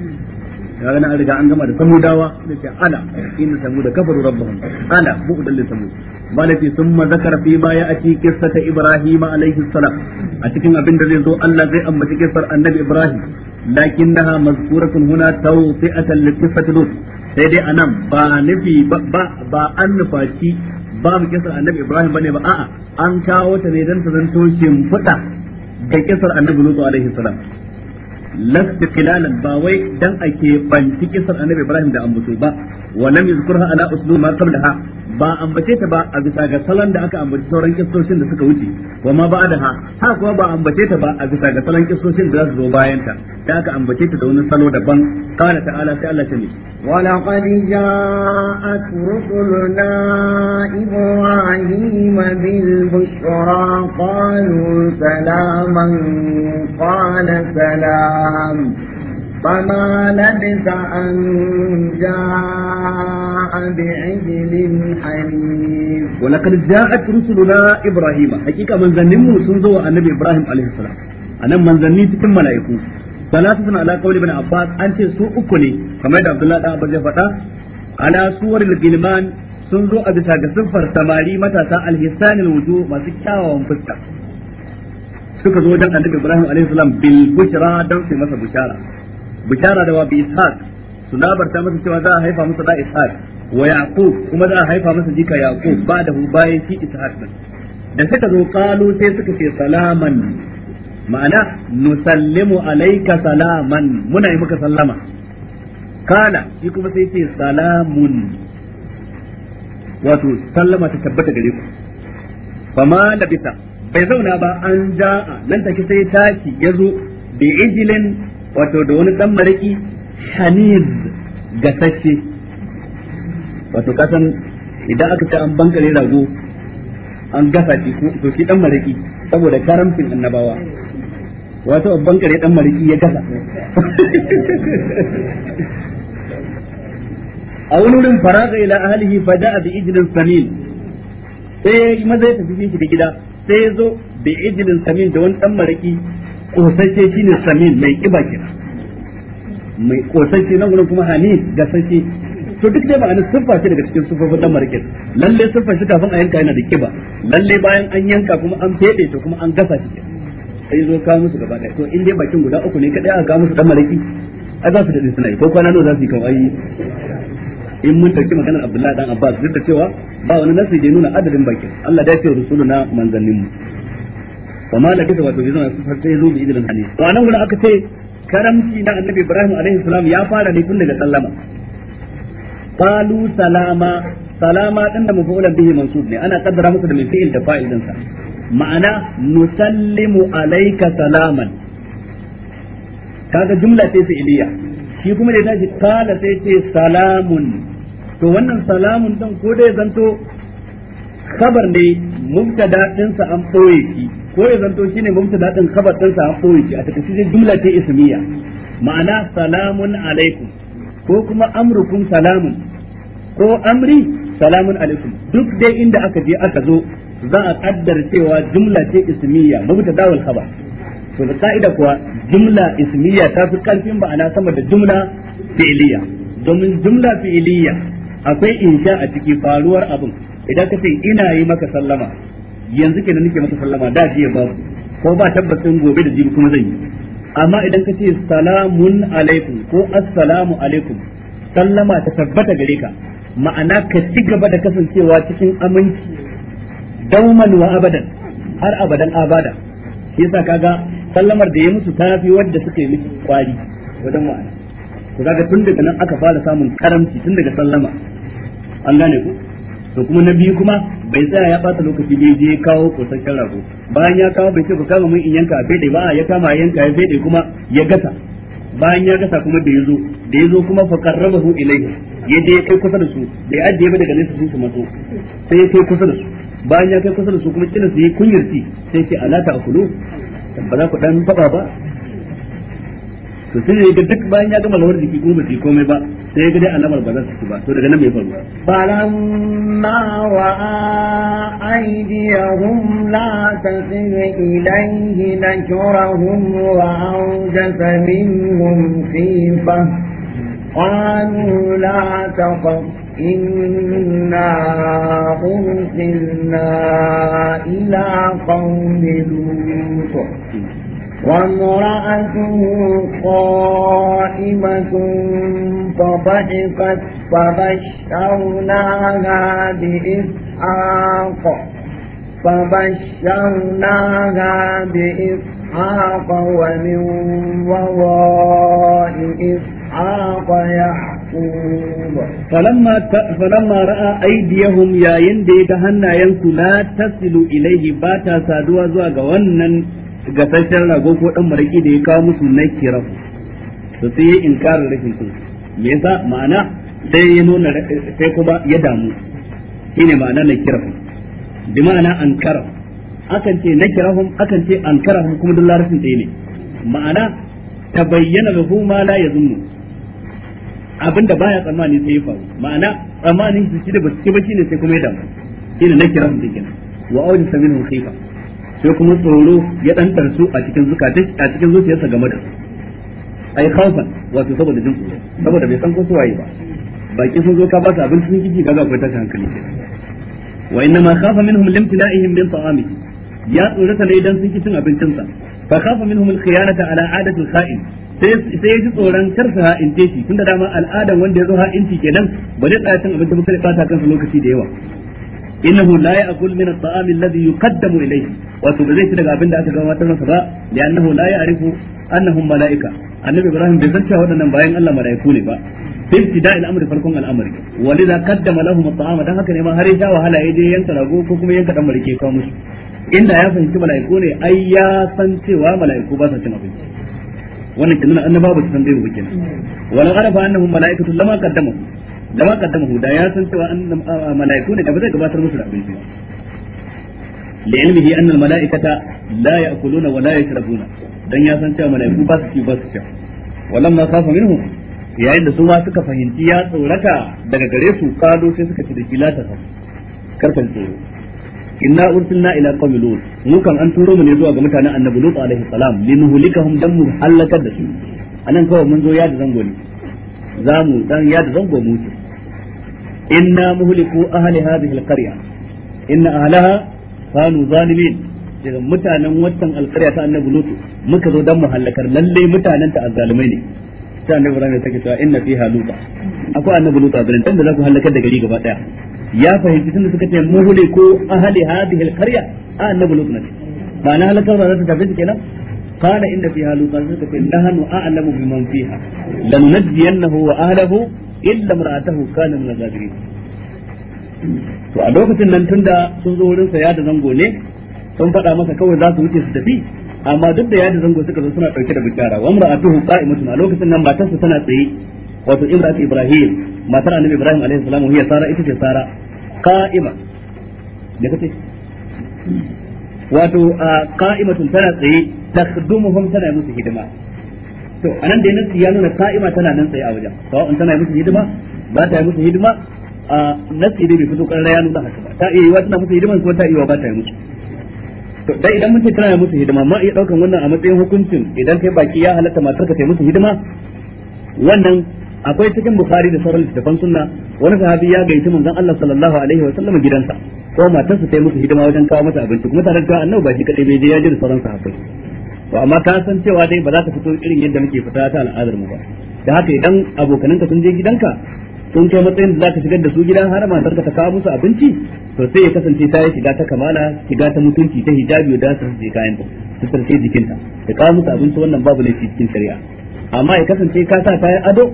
Speaker 1: kaga an riga an gama da samudawa da ce ala inna da kafaru rabbuhum ala bu'dan li samud malaki thumma zakara fi ma ya'ti qissata ibrahim alayhi salam a cikin abin da zai zo Allah zai ambaci kissar annabi ibrahim lakinnaha mazkuratun huna tawfi'atan li qissati lut sai dai anan ba nufi ba ba an ba babu kisar annabi Ibrahim bane ba a'a an kawo ta ne dan ta zanto shimfiɗa ga kisar annabi Lutu alaihi salam lasta kilalan ba wai dan ake banci kisar annabi Ibrahim da mutu ba wa lam yuzkurha ala da ha. ba ambace ta ba a bisa ga salon da aka ambaci sauran kistocin da suka wuce wa ma da ha ha kuma ba ambace ta ba a bisa ga salon kistocin da za zo bayan ta da aka ambace ta da wani salo daban qala ta'ala sai Allah ta ne wa laqad ja'at
Speaker 2: rusuluna ibrahim bil bushra qalu salaman qala salam فما لبث أن جاء بعجل حنيف
Speaker 1: ولقد جاءت رسلنا إبراهيم حقيقة من ذنبه سنزوا النبي إبراهيم عليه السلام أنا من ذنبي تتم ملائكو ثلاثة على قول ابن عباس أنت سوء أكني كما يدعى عبد الله أبا جفتا على صور الغلمان سنزوا أبسا كسفر تماري متى سأل هسان الوجوه ما سكاوهم فسكا suka zo wajen annabi Ibrahim alaihi salam bil bushra dan su masa bushara bishara da wa bi ishaq su labarta masa cewa za a haifa masa da ishaq wa yaqub kuma za a haifa masa jika yaqub ba da bayan shi ishaq din da suka zo kalu sai suka ce salaman ma'ana nusallimu alayka salaman muna yi maka sallama Kala shi kuma sai ce salamun wato sallama ta tabbata gare ku fama labisa bai zauna ba an ja'a nan take sai taki yazo bi ijlin wato da wani dan maraki haniz gasashe wato kasan idan aka ce an bankare rago an gasa shi to shi dan maraki saboda karamcin annabawa wato an kare dan mariki ya gasa a wani wurin faraga ila ahlihi fa da'a bi ijlin samin sai maza ya tafi shi da gida sai ya zo bi ijlin samin da wani dan mariki shi ne samin mai kiba kira mai kosashe nan gudun kuma hamid ga sashe to duk dai ma'anar siffa ce daga cikin siffofin dan market lalle siffar shi kafin a yanka yana da kiba lalle bayan an yanka kuma an fede to kuma an gasa shi sai zo kawo musu gaba ɗaya to in dai bakin guda uku ne kadai aka kawo musu dan maraki a za su dade suna yi ko kwana nawa za su yi kawai in mun tarki maganar Abdullahi dan Abbas duk da cewa ba wani nasi da nuna adadin bakin Allah da ya ce rusuluna manzanninmu wa ma la wato bizan har sai zo bi idan hadisi to anan gurin aka ce karamci na annabi Ibrahim alaihi salam ya fara ne tun daga sallama qalu salama salama din da mafulan bihi mansub ne ana kaddara masa da mai fi'il da fa'ilin sa ma'ana nusallimu alayka salaman kaga jumla ce Iliya. shi kuma da tashi qala sai ce salamun to wannan salamun din ko dai zanto khabar ne mubtada din sa an boye shi ko ya zanto shine mubtada din khabar din an boye shi a shi jumla ce ismiya ma'ana salamun alaikum ko kuma amrukum salamun ko amri salamun alaikum duk dai inda aka je aka zo za a kaddar cewa jumla ce ismiya mubtada wal khabar to da ka'ida kuwa jumla ismiya ta fi karfin ma'ana sama da jumla fi'liya domin jumla fi'liya akwai insha a ciki faruwar abin idan ka ce ina yi maka sallama yanzu kenan nake maka sallama da jiya babu ko ba tabbacin gobe da jibi kuma zan yi amma idan ka ce salamun alaikum ko assalamu alaikum sallama ta tabbata gare ka ma'ana ka ci gaba da kasancewa cikin aminci dauman wa abadan har abadan abada shi yasa kaga sallamar da ya musu tafi wadda suka yi miki kwari wajen ma'ana ku kaga tun daga nan aka fara samun karamci tun daga sallama an gane ku to kuma na biyu kuma bai tsaya ya bata lokaci bai je kawo kosasshen rago bayan ya kawo bai ce ku kama mun in yanka a fede ba ya kama yanka ya fede kuma ya gasa bayan ya gasa kuma da zo da zo kuma fa hu ilai ya je ya kai kusa da su bai ajiye ba daga nesa su su mato sai ya kai kusa da su bayan ya kai kusa da su kuma kina su yi kunyarci sai ce alata akulu ba za ku dan fada ba to sai ya ga duk bayan ya gama lawar jiki ko ba komai ba sai ya ga dai alamar ba za su ba to daga nan mai faruwa falamma
Speaker 2: wa aydiyahum la tasil ilayhi nakirahum wa awjasa minhum khifa قالوا لا تخف إنا أرسلنا إلى قوم
Speaker 3: لوط
Speaker 2: وامرأته قائمة فضحكت فبشرناها بإسحاق فبشرناها بإسحاق ومن وراء إسحاق يحكم
Speaker 1: فلما ت... فلما رأى أيديهم يا يندي دهنا ينسو لا تصل إليه باتا سادوا زواج ونن gasashen rago ko dan maraki da ya kawo musu na kira to sai ya inkara rashin su me yasa ma'ana sai ya nuna sai kuma ya damu shine ma'ana na kira bi ma'ana ankara akan ce na kirahum akan ce ankarahum kuma duk larabcin ɗaya ne ma'ana ta bayyana lahu huma la yazunnu abinda baya tsammani sai ya faru ma'ana tsammanin su shi da basu ci ba shine sai kuma ya damu shine na kirahum din da. wa awjasa minhum khifa sai kuma tsoro ya dan tarsu a cikin zukatun a cikin zuciyarsa game da su ai khaufan wato saboda jin tsoro saboda bai san ko su waye ba baki sun zo ka ba su abinci sun kiji kaga ta tashin hankali wa inna ma khafa minhum limtila'ihim min ta'ami ya tsorata ne dan sun ki cin abincinsa fa khafa minhum al-khiyanata ala adati al-kha'in sai ya ji tsoron karsa ha'in ce shi tunda dama al'adan wanda ya zo ha'inci kenan ba zai tsaya cin abinci ba sai ya kansa lokaci da yawa innahu la ya'kul min at-ta'am alladhi yuqaddamu ilayhi wato ba zai ci daga abin da aka gabatar masa ba li'annahu la ya'rifu annahum malaika annabi ibrahim bai san cewa waɗannan bayan Allah malaiku ne ba sai ibtida al-amri farkon al-amri walidha qaddama lahum at-ta'ama dan haka ne ma har ya wahala ya je yanka rago ko kuma yanka dan marke kawo musu inda ya fahimci ne ba ba su san wala lama da ma kaddama huda ya san cewa an mala'iku ne da ba zai gabatar musu da abinci لعلمه أن الملائكة لا يأكلون ولا يشربون dan ya san cewa mala'iku ba su ci ba su sha walamma kafa minhu yayin da su ma suka fahimci ya tsorata daga gare su kado sai suka ci da kilata sa karfan tsoro inna ursilna ila qaumi lut mu kan an turo mu ne zuwa ga mutanen annabi lut alaihi salam linuhlikahum dan mu halakar da su anan kawai mun zo ya da zango ne za mu dan ya da zango mu ce inna muhliku ahli hadhihi alqarya inna ahlaha kanu zalimin daga mutanen watan alqarya ta annabi lutu muka zo dan mu halakar lalle mutanen ta azzalumai ne sai annabi Ibrahim ya take cewa inna fiha luta akwai annabi luta garin tunda za ku halakar da gari gaba daya ya fahimci tunda suka ce muhliku ahli hadhihi alqarya a annabi lutu ne ba na halakar ba za ta tafi kenan قال إن فيها لوطا نحن أعلم بمن فيها لننجينه وأهله إلا امرأته كان من الغابرين to a lokacin nan tunda sun zo wurin saya da zango ne sun faɗa masa kawai za su wuce su tafi amma duk da yadda zango suka zo suna ɗauke da bishara wa imra'atuhu qa'imatun a lokacin nan matarsa tana tsaye wato imra'atu ibrahim matar annabi ibrahim alaihi salam hiya sara ita ce sara qa'ima da kace wato a qa'imatun tana tsaye khidumuhum tana musu hidima to anan da nasi ya nuna ka'ima tana nan tsaye a wajen sawa'un tana musu hidima ba ta musu hidima a nasi dai bai fito kan ya nuna haka ba ta iya yiwa tana musu hidima ko ta iya ba ta yi musu to dai idan mun ce tana musu hidima ma iya daukan wannan a matsayin hukuncin idan kai baki ya halatta matar ka ta musu hidima wannan akwai cikin bukhari da sauran littattafan sunna wani sahabi ya gaishe manzon Allah sallallahu alaihi wa sallam gidansa ko matarsa ta yi musu hidima wajen kawo masa abinci kuma tare da annabi ba shi kadai bai je ya ji da sauran sahabbai to amma ka san cewa dai ba za ka fito irin yadda muke fita ta al'adar mu ba da haka idan abokananka sun je gidanka sun kai matsayin da za ka shigar da su gida har ka ta kawo musu abinci to sai ya kasance ta yi shiga ta kamala shiga ta mutunci ta hijabi da su je kayan ta su tarke jikinta ta kawo musu abinci wannan babu ne cikin shari'a amma ya kasance ka sa ta yi ado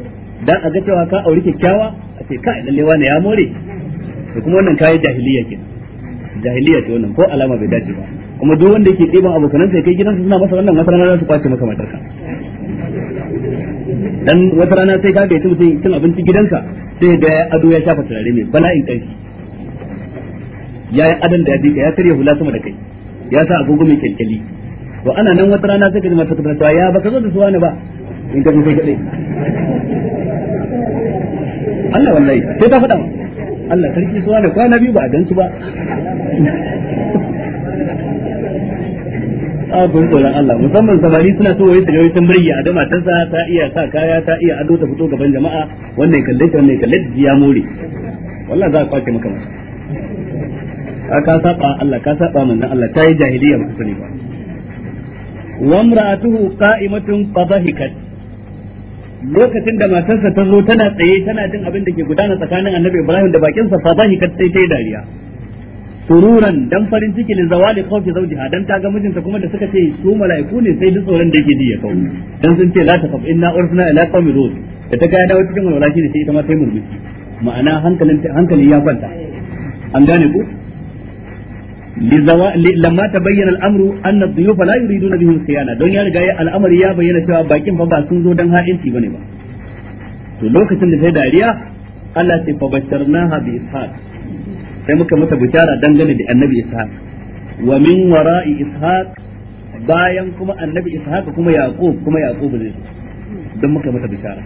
Speaker 1: dan a ga cewa ka aure kyakkyawa a ce kai lalle wani ya more to kuma wannan kai jahiliya ke jahiliya ce wannan ko alama bai dace ba kuma duk wanda yake ɗiban abokanan sai kai gidansa suna masa wannan wata rana su kwace maka matarka dan wata rana sai ka ga mutum sai cin abinci gidanka sai ga ado ya shafa turare mai bala'in kanki ya yi adan da ya ya karya hula sama da kai ya sa agogo mai kyalkyali to ana nan wata rana sai ka ji mata ta ya baka zo da suwa ne ba in ka sai kadai
Speaker 3: Allah wallahi sai ta faɗa
Speaker 1: Allah sarki suwa da kwana biyu ba a gansu ba abin tsoron Allah musamman samari suna so wai su ga murya a dama ta ta iya sa kaya ta iya ado ta fito gaban jama'a wannan kalle ta wannan kalle ya more wallahi za a kwace maka masa ka ka saba Allah ka saba manzon Allah ta yi jahiliya ba ku sani ba wa imra'atuhu qa'imatun fadhahikat lokacin da matarsa ta zo tana tsaye tana jin abin da ke gudana tsakanin annabi ibrahim da bakin sa fadahi kat sai tayi dariya sururan dan farin ciki li zawali khawfi zawjiha dan ta ga mijinta kuma da suka ce su mala'iku ne sai duk tsoron da yake ji ya kawo dan sun ce la taqaf inna ursina ila qaumi lut da ta ga da dawo cikin walwala ne sai ita ma sai murmushi ma'ana hankalin hankali ya kwanta an gane ku lamma ta bayyana tabayyana al'amru anna dhuyufa la yuriduna bihim siyana don ya riga ya al'amari ya bayyana cewa bakin fa ba sun zo dan ha'inci bane ba to lokacin da sai dariya Allah sai fa basharnaha bi ishaq sai muka mata bishara dangane da annabi ishaq wa min wara'i ishaq bayan kuma annabi ishaq kuma yaqub kuma yaqub zai don muka mata bishara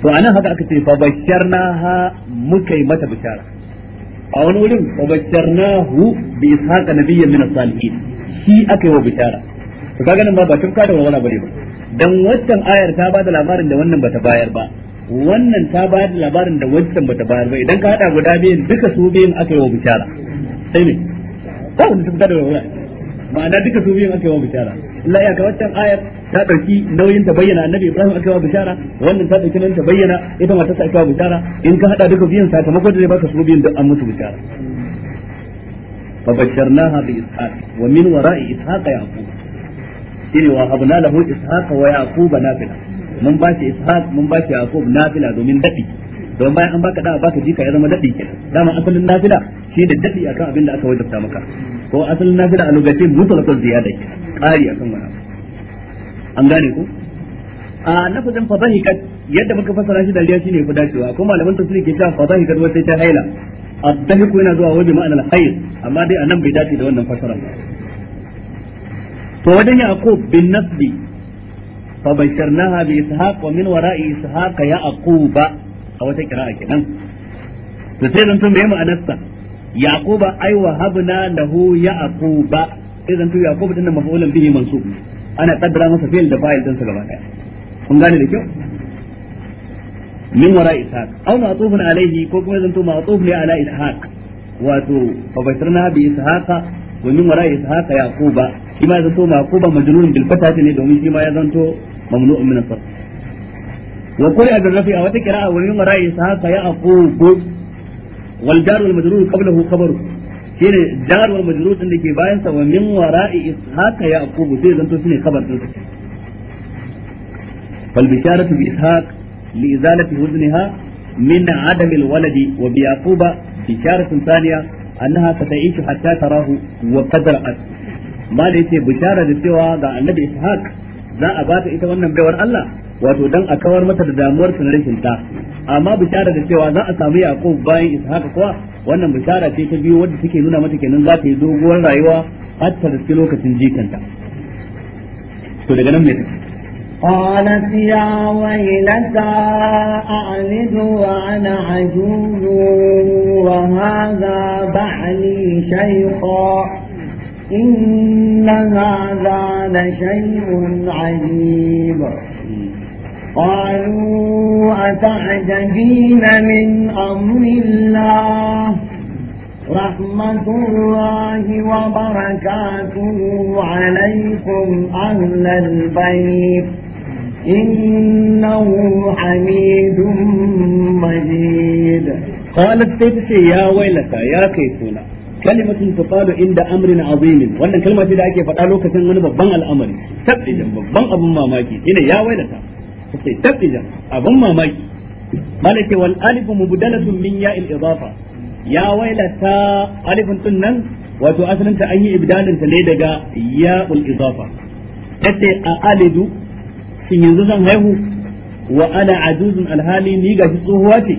Speaker 1: to anan haka aka ce fa basharnaha muka yi mata bishara a wani wurin wa basharnahu bi ishaqa nabiyyan min as-salihin shi aka yi wa bishara to kaga nan ba ba tun kada wala bare ba dan wannan ayar ta bada labarin da wannan bata bayar ba wannan ta bayar da labarin da wannan bata bayar ba idan ka hada guda biyan duka su biyan aka yi wa bishara sai ne ko wani tun kada wala ma'ana duka su biyan aka yi wa bishara la ya ga waccan ayat ta dauki nauyin ta bayyana annabi ibrahim aka kawo bishara wannan ta dauki nan ta bayyana ita mata ta kawo bishara in ka hada duka biyan sakamakon da zai baka su biyan da an mutu bishara fabasharnaha bi ishaq wa min wara'i ishaq yaqub shine wa habna lahu ishaq wa yaqub nafila mun ba shi ishaq mun ba shi yaqub nafila domin dadi don bayan an baka da'a baka jika ya zama dadi dama asalin nafila shi da dadi akan abin da aka wajabta maka ko asalin nafila a lokaci mutlaqul ziyada kari akan wannan an gane ko a lafazin fadahikat yadda muka fassara shi da dariya shine ku dacewa ko malaman tafsiri ke cewa fadahikat wata ta haila addahiku yana zuwa wajen ma'anar hayl amma dai anan bai dace da wannan fassara to wajen yaqub bin nasbi فبشرناها بإسحاق ومن وراء إسحاق يعقوب a wata kira'a kenan to sai zan tun me ma'anarsa yaquba ay wa habna lahu yaquba idan to yaquba dinnan maf'ulun bihi mansub ana kaddara masa fi'il da fa'il din sa gaba daya kun gane da kyau min wara ishaq aw ma'tufun alayhi ko kuma zan to ma'tuf ne ala ishaq wato fa basharna bi ishaqa wa min wara ishaqa yaquba shi ma zan to maquba majnun bil fatati ne domin shi ma ya zanto mamnu'un min al sarf wa qur'a bi rafi a wata qira'a wa yumra ishaq ya aqubu wal jar wal majrur qablahu khabaru shine jar wal majrur din dake bayan wa min wara'i ishaq ya aqubu sai zanto shine khabar din fal bisharatu bi ishaq li izalati huzniha min adami al waladi wa bi yaquba bisharatu thaniya annaha sata'ishu da yake da cewa ga annabi ishaq za a bata ita wannan baiwar Allah wato dan a kawar mata da damuwar ta rashin ta amma bishara da cewa za a samu yaqub bayan haka kuwa wannan bishara ce ta biyu wadda take nuna mata kenan za ta yi doguwar rayuwa har ta lokacin jikanta to daga nan mai
Speaker 2: قالت يا ويلتى أعلد وأنا عجوز وهذا شيخا إن هذا لشيء عجيب قالوا أتعجبين من أمر الله رحمة الله وبركاته عليكم أهل البيت إنه
Speaker 1: حميد مجيد قالت تبسي يا ويلتا يا كيفنا كلمة تقال عند أمر عظيم وأن كلمة تدعك فتالوك سنة ببن الأمر سبب ببن أبو ماماكي هنا يا ويلتا suke tabbijan abin mamaki malaka wal alifu mubdalatun min ya'il idafa ya wailata alifin tun nan wato asalin ta an yi ibdalin ta ne daga ya'ul idafa tace a alidu shin yanzu zan haihu wa ana ajuzun alhali ni ga tsohuwa ce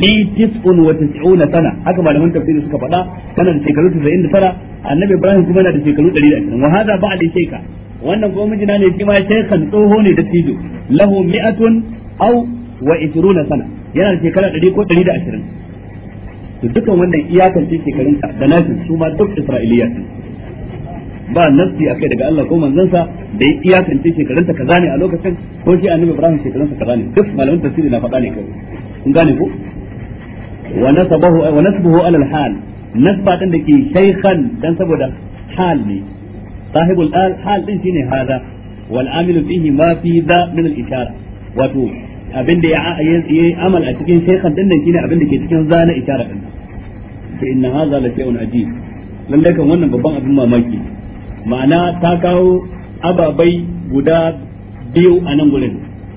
Speaker 1: li tis'un wa tis'una sana haka malaman tafsiri suka faɗa tana da shekaru 99 annabi ibrahim kuma yana da shekaru 120 wa hada ba'da shayka wannan ko mijina ne shi ma shaykhan tsoho ne da tijo lahu mi'atun aw wa 20 sana yana da shekara 100 ko 120 to dukan wannan iyakan ce shekarun ta da nasin su ma duk ne ba nafsi akai daga Allah ko manzon sa da iyakan ce shekarun ta kaza ne a lokacin ko shi annabi Ibrahim shekarun sa kaza ne duk malamin tafsiri na faɗa ne kai kun gane ko wa nasabahu wa nasbuhu ala al-hal nasba da ke shaykhan dan saboda hal ne sahibul hal din shine hada wal amilu fihi ma fi da min al ishara wato abin da ya yi amal a cikin shaykhan din nan shine abin da ke cikin za na ishara din fa inna hadha la shay'un ajib lalle kan wannan babban abin mamaki ma'ana ta kawo ababai guda biyu a nan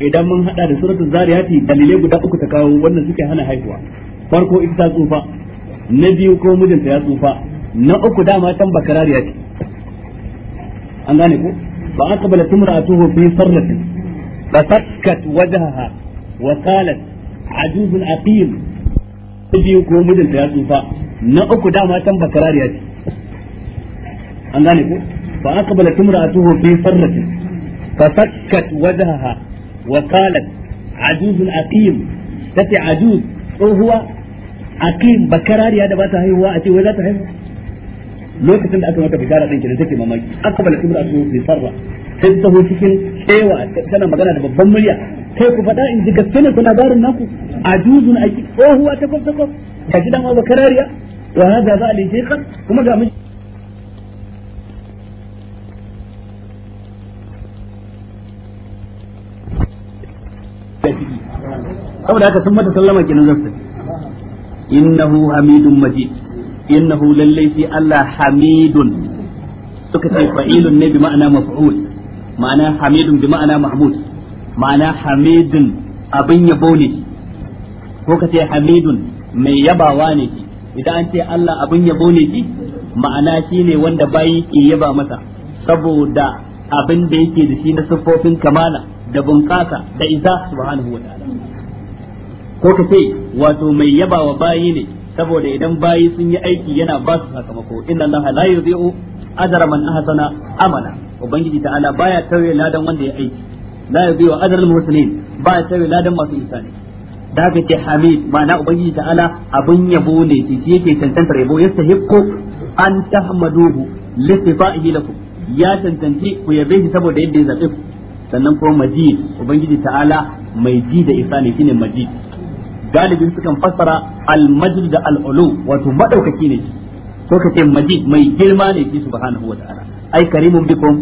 Speaker 1: idan mun hada da suratul zariyati dalilai guda uku ta kawo wannan suke hana haihuwa farko ita ta tsufa na biyu ko mijinta ya tsufa na uku dama can bakarariya ce an gane ko fa aqbalat imra'atuhu fi sarratin fa sakkat wajhaha wa qalat ajuz aqil biyu ko mijinta ya tsufa na uku dama tan bakarariya ce an gane ko fa aqbalat imra'atuhu fi sarratin fa sakkat wajhaha wa qalat ajuz aqil tati ajuz ko huwa aqil bakarariya da ba ta haihuwa a ce wai za ta haihu lokacin da aka mata bishara din kenan take mamaki akbala imra'atu fi sarra sai ta taho cikin tsewa tana magana da babban murya kai ku faɗa in ji gaske ne ku labarin naku ajuzun aki tsohuwa ta kwaf ta kwaf ga gidan abakarariya wa hada za a lintekar kuma ga miji saboda haka sun mata sallama kenan zasu innahu hamidun majid innahu lallai fi Allah hamidun suka ce fa'ilun ne bi ma'ana maf'ul ma'ana hamidun bi ma'ana mahmud ma'ana hamidun abin yabo ne ko ka ce hamidun mai yabawa ne ki idan an ce Allah abin yabo ne ki ma'ana shine wanda bayi ke yaba masa saboda abin da yake da shi na siffofin kamala da bunƙasa da isa subhanahu ko ka ce wato mai yabawa bayi ne saboda idan bayi sun yi aiki yana ba su sakamako inna Allah la yudhi'u ajra man ahsana amala ubangiji ta'ala baya tauye ladan wanda ya aiki la yudhi'u ajra al-muhsinin baya tauye ladan masu ihsani da haka ce hamid ma'ana ubangiji ta'ala abun yabo ne shi yake tantantar yabo yastahiqqu an tahmaduhu listifa'ihi lakum ya tantanci ku yabe shi saboda yadda ya zabe ku sannan kuma majid ubangiji ta'ala mai ji da ihsani shine majid galibin sukan fassara al-majd da al-ulu wato madaukaki ne ko ka ce majid mai girma ne shi subhanahu wa ta'ala ai karimun bikum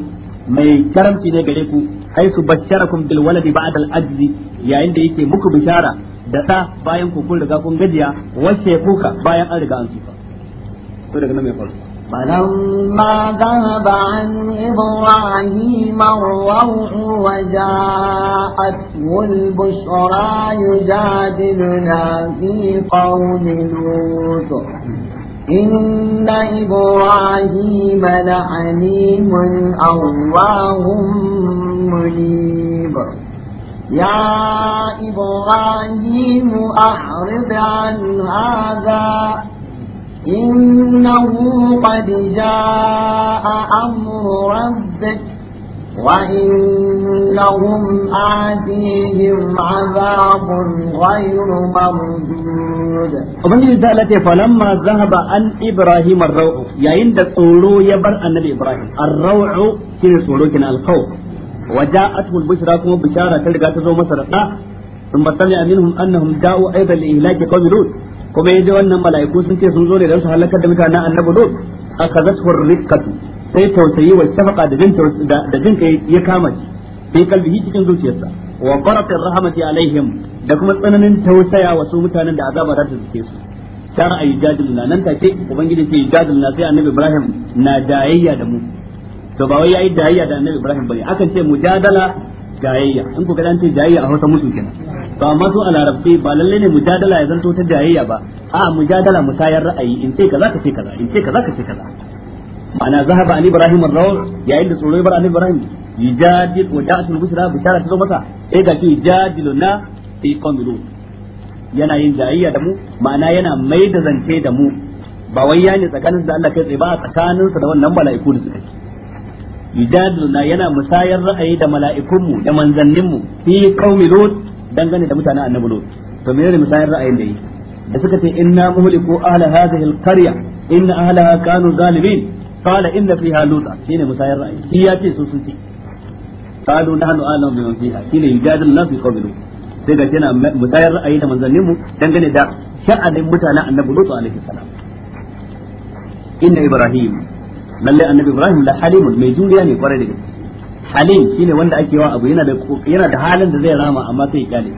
Speaker 1: mai karamci ne gare ku ai su basharakum bil waladi ba'da al-ajzi yayin da yake muku bishara da ta bayan ku kun riga kun gajiya wace kuka bayan an riga an tsufa to daga nan mai farko
Speaker 2: فلما ذهب عن إبراهيم الروح وجاءته البشرى يجادلنا في قوم لوط إن إبراهيم لعليم أواه منيب يا إبراهيم أعرض عن هذا إنه قد جاء أمر ربك وإنهم آتيهم عذاب غير مردود
Speaker 1: وبنجي تعالى فلما ذهب عن إبراهيم الروع يعين دا صورو يبر أن إبراهيم الروع في صورو القوم الخوف وجاءته البشرى كما بشارة تلقى تزو مصر ثم سمع منهم أنهم جاءوا أيضا لإهلاك قوم لوط kuma yaji wannan mala'iku sun ce sun zo ne don su halakar da mutanen annabi lut akhazathu ar-riqqatu sai tausayi wa shafaqa da jin da jin kai ya kama shi sai kalbihi cikin zuciyarsa wa barakat rahmati alaihim da kuma tsananin tausaya wa su mutanen da azaba za ta zuke su shara ayi jadilna nan take ubangiji sai jadilna sai annabi ibrahim na jayayya da mu to ba wai yayi jayayya da annabi ibrahim bane akan ce mujadala jayayya in ku ga dan ce jayayya a Hausa musu kenan Ba amma su a larabci ba lalle ne mujadala ya zanto ta jayayya ba a mujadala musayar ra'ayi in sai kaza ka sai kaza in sai kaza ka sai kaza ma'ana zahaba an ibrahim ar-rawl yayin da tsoro bar ibrahim yajadil wa da'atul busra bishara ta zo masa sai ga shi yajadiluna fi qawmi yana yin jayayya da mu ma'ana yana mai da zance da mu ba wai ya ne tsakanin da Allah kai tsaye ba tsakanin sa da wannan mala'iku da suka yi yana musayar ra'ayi da mala'ikunmu da manzanninmu fi qaumi lut dangane da mutanen annabi lut to me ne misalin ra'ayin da yi da suka ce inna muhliku ahla hadhihi alqarya inna ahlaha kanu zalimin qala inna fiha luta shine misalin ra'ayi shi ya ce su sun ce qalu nahnu a'lamu fiha shine yujadilu qawlu sai ga shi na ra'ayi da manzannin mu dangane da sha'anin mutanen annabi lutu alaihi salam inna ibrahim lalle annabi ibrahim la halimun mai juriya ne kwarai da gaske halin shine wanda ake wa abu yana da yana da halin da zai rama amma sai ya kyale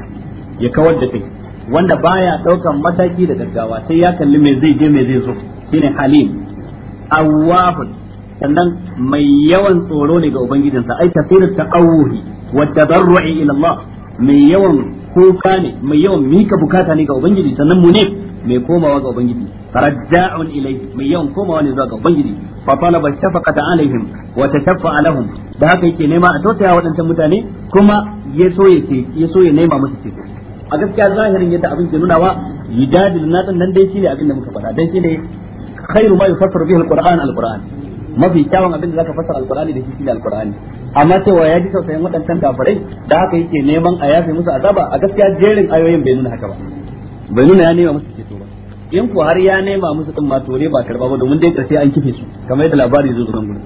Speaker 1: ya kawar da kai wanda baya daukan mataki da gaggawa sai ya kalli me zai je me zai zo shine halim awwahun sannan mai yawan tsoro ne ga ubangijinsa ai tafsir taqawuhi wa tadarru'i ila Allah mai yawan kuka ne mai yawan mika bukata ne ga ubangiji sannan mu ne mai komawa ga ubangiji رجاع إليه من يوم كما ونزاق بنجدي فطلب الشفقة عليهم وتشفع لهم da haka yake nema a tausaya waɗancan mutane kuma ya so ya ce ya so nema musu ceto a gaskiya zahirin yadda abin ke nunawa yidadil na dan nan dai shine abin da muka faɗa dan shine khairu ma yufassaru bihi alquran alquran mafi kyawun abin da zaka fassara alqurani da shi shine alqurani amma cewa ya ji tausayin waɗancan kafirai da haka yake neman a yafe musu azaba a gaskiya jerin ayoyin bai nuna haka ba bai nuna ya nema musu ceto in ku har ya nema musu din ma tore ba karba ba domin dai karshe an kife su kamar yadda labari zai zo nan gurin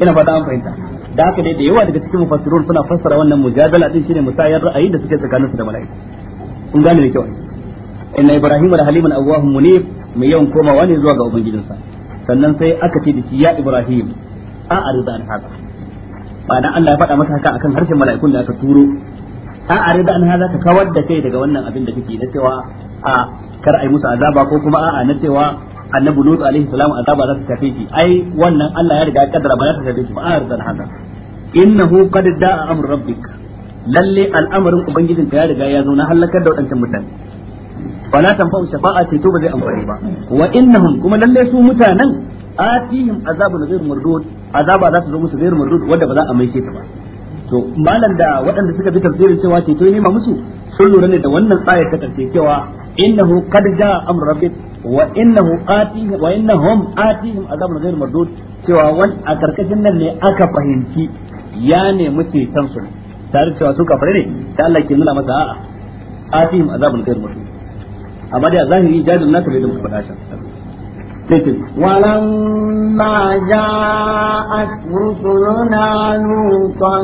Speaker 1: ina fata an fahimta da haka dai da yawa daga cikin mufassirun suna fassara wannan mujadala din shine musayar ra'ayi da suke tsakaninsu da mala'ika kun gane da kyau inna Ibrahim da haliman awwahum munib mai yawan komawa ne zuwa ga ubangijinsa sannan sai aka ce da shi ya ibrahim a arzan haka ba dan Allah ya faɗa masa haka akan harshen mala'ikun da aka turo a da an haza ka kawar da kai daga wannan abin da kake na cewa a kar a yi musu azaba ko kuma a'a na cewa annabi lut alaihi salam azaba za ta tafi shi ai wannan Allah ya riga kaddara ba za ta tafi shi ba a arida an haza innahu qad da'a amr rabbik lalle al'amarin ubangijin ka ya riga ya zo na halakar da wadancan mutane fala tanfa'u shafa'a ce to ba zai amfani ba wa innahum kuma lalle su mutanen atihim azabun ghayr mardud azaba za su zo musu ghayr mardud wanda ba za a maishe ta ba to malam da waɗanda suka bi tafsirin cewa ceto ni ma musu sun lura ne da wannan ayar ta karshe cewa innahu qad jaa amru rabbik wa innahu atihim wa innahum atihim azabun ghayr mardud cewa wan a karkashin nan ne aka fahimci ya ne muke san su tare cewa su kafare ne ta Allah ke nuna masa a'a atihim azabun ghayr mardud amma da zahiri jazim naka bai da musu faɗa
Speaker 2: ولما جاءت رسلنا لوطا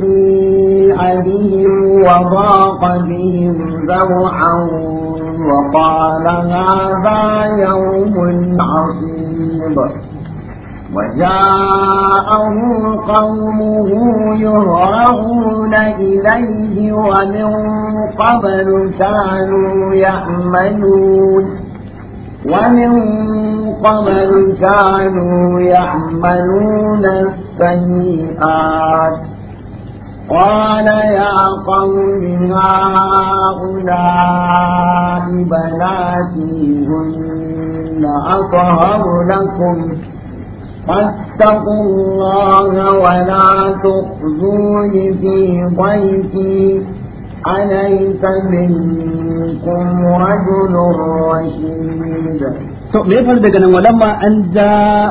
Speaker 2: في بهم وضاق بهم ذرعا وقال هذا يوم عصيب وجاءه قومه يهرعون إليه ومن قبل كانوا يأمنون ومن قبل كانوا يعملون السيئات قال يا قوم هؤلاء بناتي هن أطهر لكم فاتقوا الله ولا تخزوني في ضيفي أليس منكم رجل رشيد
Speaker 1: to me faru daga nan walamma an ja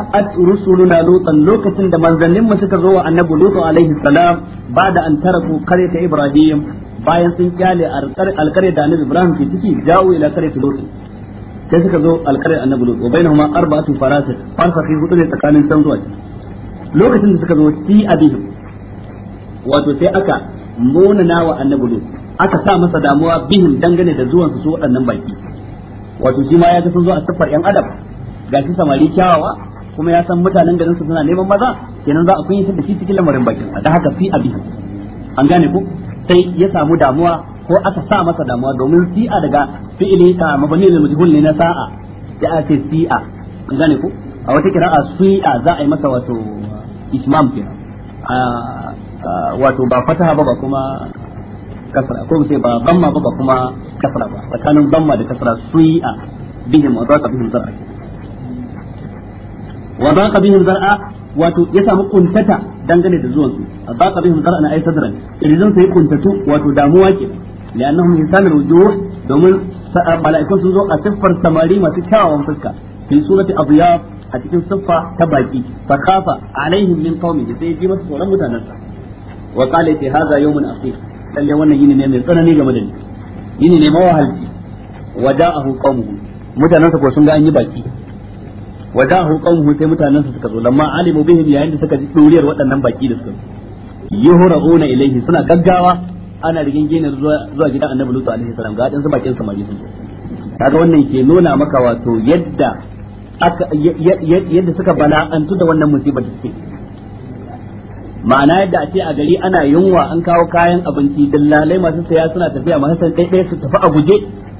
Speaker 1: ja'at rusuluna lutan lokacin da manzannin mu suka zo wa annabi lutu alaihi salam da an kare ta ibrahim bayan sun kyale alqaryar da annabi ibrahim ke ciki jawo ila kare ta lutu sai suka zo alqaryar annabi lutu wa bainahuma arba'atu farasit farsafi hudu ne tsakanin san zuwa lokacin da suka zo fi abihim wato sai aka munana wa annabi aka sa masa damuwa bihin dangane da zuwan su su waɗannan baki wato shi ma ya ga sun zo a safar yan adam ga shi samari kyawawa kuma ya san mutanen garin su suna neman maza kenan za a kunyatar da shi cikin lamarin bakin da haka fi abi an gane ku sai ya samu damuwa ko aka sa masa damuwa domin si'a daga fi'ili ta mabani da mujhul ne na sa'a ya ake si'a an gane ku a wata kira'a su'a za a yi masa wato ismam kenan ah, wato ba fataha ba ba kuma kasra ko sai ba damma ba ba kuma kasra ba tsakanin damma da kasra a bihim wa daqa bihim zar'a wa daqa bihim zar'a wato ya samu kuntata dangane da zuwan su daqa bihim zar'a na ay sadran idan sai kuntatu wato damuwa ke li'annahum insanul wujuh domin mala'ikun sun zo a siffar samari masu kyawawan fuska fi abu ya a cikin siffa ta baki fa kafa alaihim min qaumihi sai ji masa tsoron mutanansa wa qala ta hadha yawmun asif lalle wannan yini ne mai tsanani game da ni yini ne mawahalci wada'ahu qaumuhu mutanansa ko sun ga an yi baki wada'ahu qaumuhu sai mutanansa suka zo lamma alimu bihim yayin da suka ji duriyar waɗannan baki da suka yuhra'una ilaihi suna gaggawa ana rigin ginin zuwa gidan annabi lutu alaihi salam ga wadansu bakin samari sun kaga wannan ke nuna maka wato yadda yadda suka bala'antu da wannan musibar da suke ma'ana yadda a ce a gari ana yunwa an kawo kayan abinci dillalai masu saya suna tafiya masu san ɗaiɗaya su tafi a guje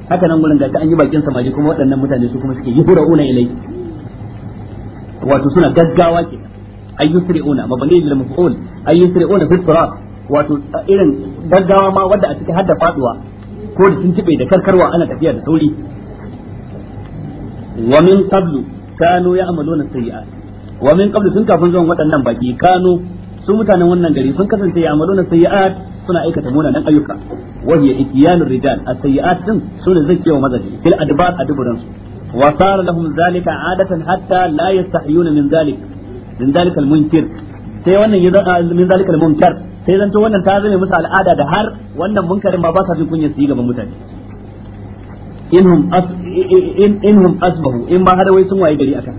Speaker 1: haka nan gurin gashi an yi bakin samari kuma waɗannan mutane su kuma suke una ilai wato suna gaggawa ke una mabani lil maf'ul ayyusri'una fi fitra wato irin gaggawa ma wanda a cikin hadda faduwa ko da tuntube da karkarwa ana tafiya da sauri wa min qablu kanu ya'maluna sayi'at wa min qablu sun kafin zuwan waɗannan baki kanu su mutanen wannan gari sun kasance ya amaluna sayyi'at suna aikata munanan ayyuka wa hiya ityanur rijal as-sayyi'at din sune zake wa mazaji fil adbar adburan su wa sara lahum zalika adatan hatta la yastahiyuna min zalik min zalikal munkir sai wannan ya min zalikal munkar sai zan to wannan ta zame musu al'ada da har wannan munkarin ba ba sa jin kunya su yi gaban mutane inhum as inhum asbahu in ma har wai sun waye gari akan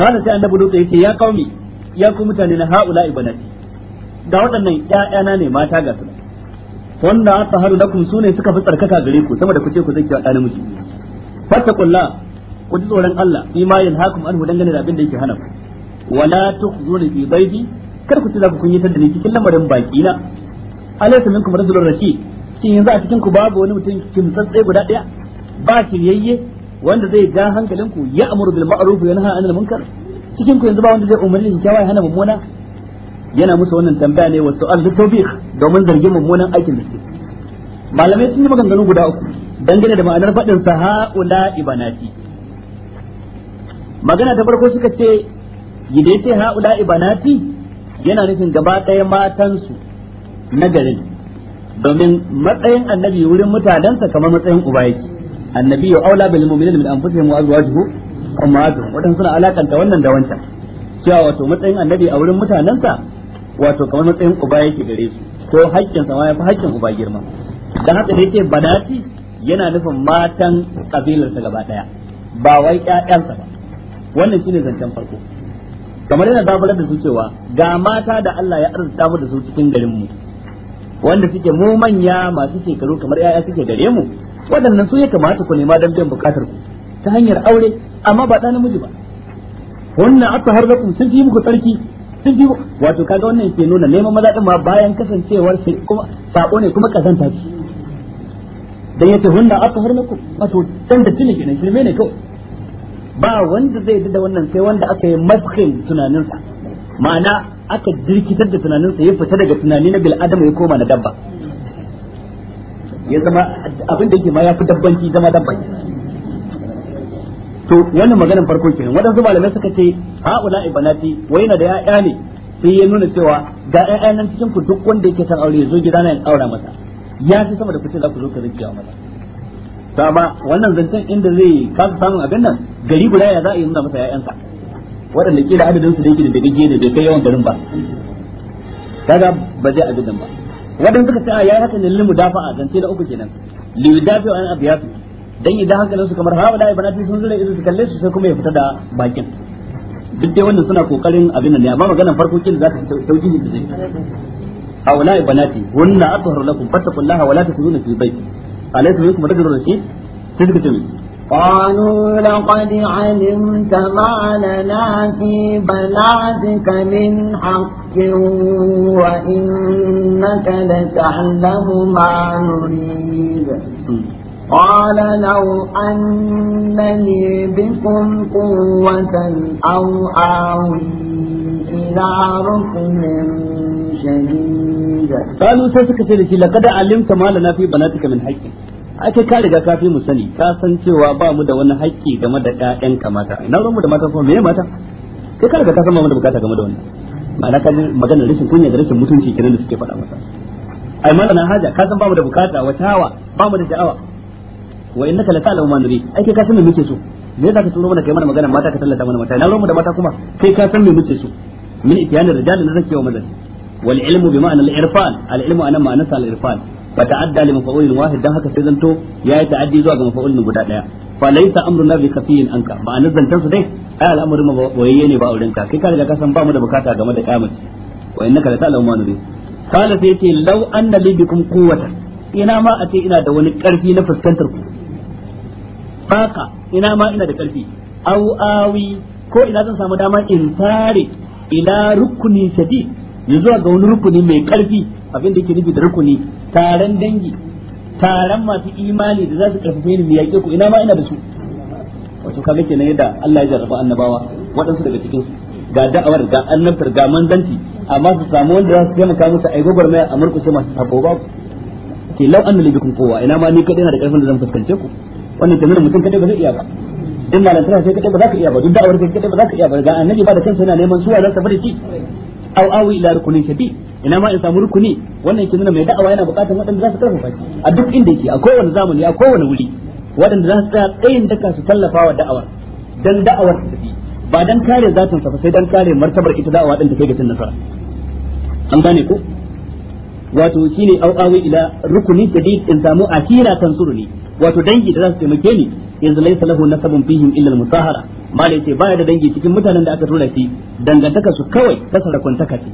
Speaker 1: kana sai annabi dutse yace ya qaumi ya ku mutane na haula ibanati ga waɗannan ƴaƴana ne mata ga su wanda da kun sune suka fi tsarkaka gare ku saboda ku ce ku zaki wa na namiji fattakullah ku ji tsoron Allah ima yanhakum anhu dangane da abin da yake hana ku wala tukhzuni fi baydi kar ku ci za ku kunyatar da ni cikin lamarin baki na alaysa minkum rajulun rashid shin yanzu a cikin ku babu wani mutum kimtsatsai guda daya ba shiryayye wanda zai ga hankalinku ya amuru bil ma'ruf wa yanha anil munkar cikin ku yanzu ba wanda zai umarni in kyawawan hana mummuna yana musu wannan tambaya ne wasu an tawbih domin zargin mummunan aikin da suke malamai sun yi maganganu guda uku dangane da ma'anar faɗin sahaula ibanati magana ta farko suka ce gida haula ibanati yana nufin gaba ɗaya matansu na garin domin matsayin annabi wurin mutanensa kamar matsayin uba annabi ya aula bil mu'minina min anfusihim wa azwajihim ummahatuhum wadan suna alakanta wannan da wancan cewa wato matsayin annabi a wurin mutanensa wato kamar matsayin uba yake gare su ko haƙƙin sa ya fi haƙƙin uba girma dan haka da yake badati yana nufin matan kabilar sa gaba daya ba wai ƴaƴansa ba wannan shine zancen farko kamar yana dabarar da su cewa ga mata da Allah ya arzuta mu da su cikin garin mu wanda suke mu manya masu shekaru kamar ƴaƴa suke gare mu waɗannan su ya kamata ku nema don biyan bukatar ku ta hanyar aure amma ba ɗan namiji ba wannan aka har lakum sun fi muku tsarki sun fi wato kaga wannan ke nuna neman maza din ma bayan kasancewar sai kuma sako ne kuma kazanta ce dan yace hunna aka har lakum wato dan da tuni kenan shirme ne kawai ba wanda zai da wannan sai wanda aka yi maskin tunaninsa ma'ana aka dirkitar da tunaninsa ya fita daga tunani na bil'adama ya koma na dabba ya zama abin da yake ma ya fi dabbanci zama dabbanci to wannan maganar farko kenan waɗansu malamai suka ce ula ibanati wai na da ya'ya ne sai ya nuna cewa ga ya'ya nan cikin ku duk wanda yake san aure ya zo gida na aura masa ya fi sama da kuce za ku zo ka zakiya masa to amma wannan zancen inda zai kasa samun abin nan gari guda ya za a yi nuna masa ƴaƴansa waɗanda kila adadin su da yake da dagage da bai kai yawan garin ba kaga ba zai abin nan ba waɗanda suka ce a yayi haka ne limu dafa'a zance da uku kenan limu dafa'a an abiyatu dan idan hankalin su kamar hawa da ibana sun zure idan su kalle su sai kuma ya fita da bakin duk dai wannan suna kokarin abin nan ne amma maganar farko kin za ta tauki ne zai haula ibanati wanna athharu lakum fattaqullaha wala la fi baiti alaysa minkum rajulun rashid sai suka ce قالوا
Speaker 2: لقد علمت ما لنا في بلادك من حق وإنك لتعلم ما نريد قال لو أن لي بكم قوة أو آوي إلى ركن شديد
Speaker 1: قالوا سيسك سيدي لقد علمت ما لنا في بناتك من حيث ake ka riga ka fi mu sani ka san cewa ba mu da wani haƙƙi game da ƴaƴan mata. Na ruwan mu da mata kuma me mata kai ka riga ka san ba mu da bukata game da wannan ma'ana ka maganar rashin kunya da rashin mutunci kenan da suke faɗa masa ai malana haja ka san ba mu da bukata wata hawa ba mu da sha'awa wa innaka la ta'lamu ma nuri ai kai ka san me muke so me yasa turo mana kai mana magana mata ka tallata mana mata na ruwan da mata kuma kai ka san me muke so min itiyana rijal na zakiya wa madal wal ilmu bi ma'ana al irfan al ilmu anan ma'ana al irfan fa ta'adda li mafa'ulin wahid dan haka sai zanto yayi ta'addi zuwa ga mafa'ulin guda daya fa laysa amruna Nabi kafiyin anka ma'anar zantan su dai ai al'amarin ma boyayye ne ba auren ka kai ka riga ka san ba mu da bukata game da kiyamati wa innaka la ta'lamu ma nuri qala sai yace law anna li bikum quwwatan ina ma a ce ina da wani karfi na fuskantar ku faka ina ma ina da karfi aw awi ko ina zan samu dama in tare ila rukuni sadi zuwa ga wani rukuni mai karfi abin da yake nufi da rukuni taron dangi taron masu imani da za su karfafe ni yaƙe ku ina ma ina da su wato kaga kenan yadda Allah ya jarraba annabawa waɗansu daga cikin su ga da'awar ga annabtar ga manzanci amma su samu wanda za su taimaka musu ai gwagwarmaya a murƙushe masu sabo babu ke lau an bikin kowa ina ma ni kaɗai na da ƙarfin da zan fuskance ku wannan jami'ar mutum kadai ba zai iya ba in malantana sai kadai ba za ka iya ba duk da'awar sai kadai ba za ka iya ba ga annabi ba da kansa yana neman suwa za ta bada shi aw awi ila rukunin shadi ina ma in samu rukuni wannan yake nuna mai da'awa yana bukatar waɗanda za su karfafa shi a duk inda yake a kowane zamani a kowane wuri waɗanda za su tsaya tsayin daka su tallafa wa da'awar dan da'awar ta tafi ba dan kare zatin sa sai dan kare martabar ita da'awa din ta kai ga cin nasara an gane ko wato shine au awi ila rukuni shadid in samu akira tansuruni wato dangi da za su taimake ni yanzu laysa lahu nasabun fihim illa al-musahara malai ce baya da dangi cikin mutanen da aka tura shi dangantaka su kawai kasara kwantaka ce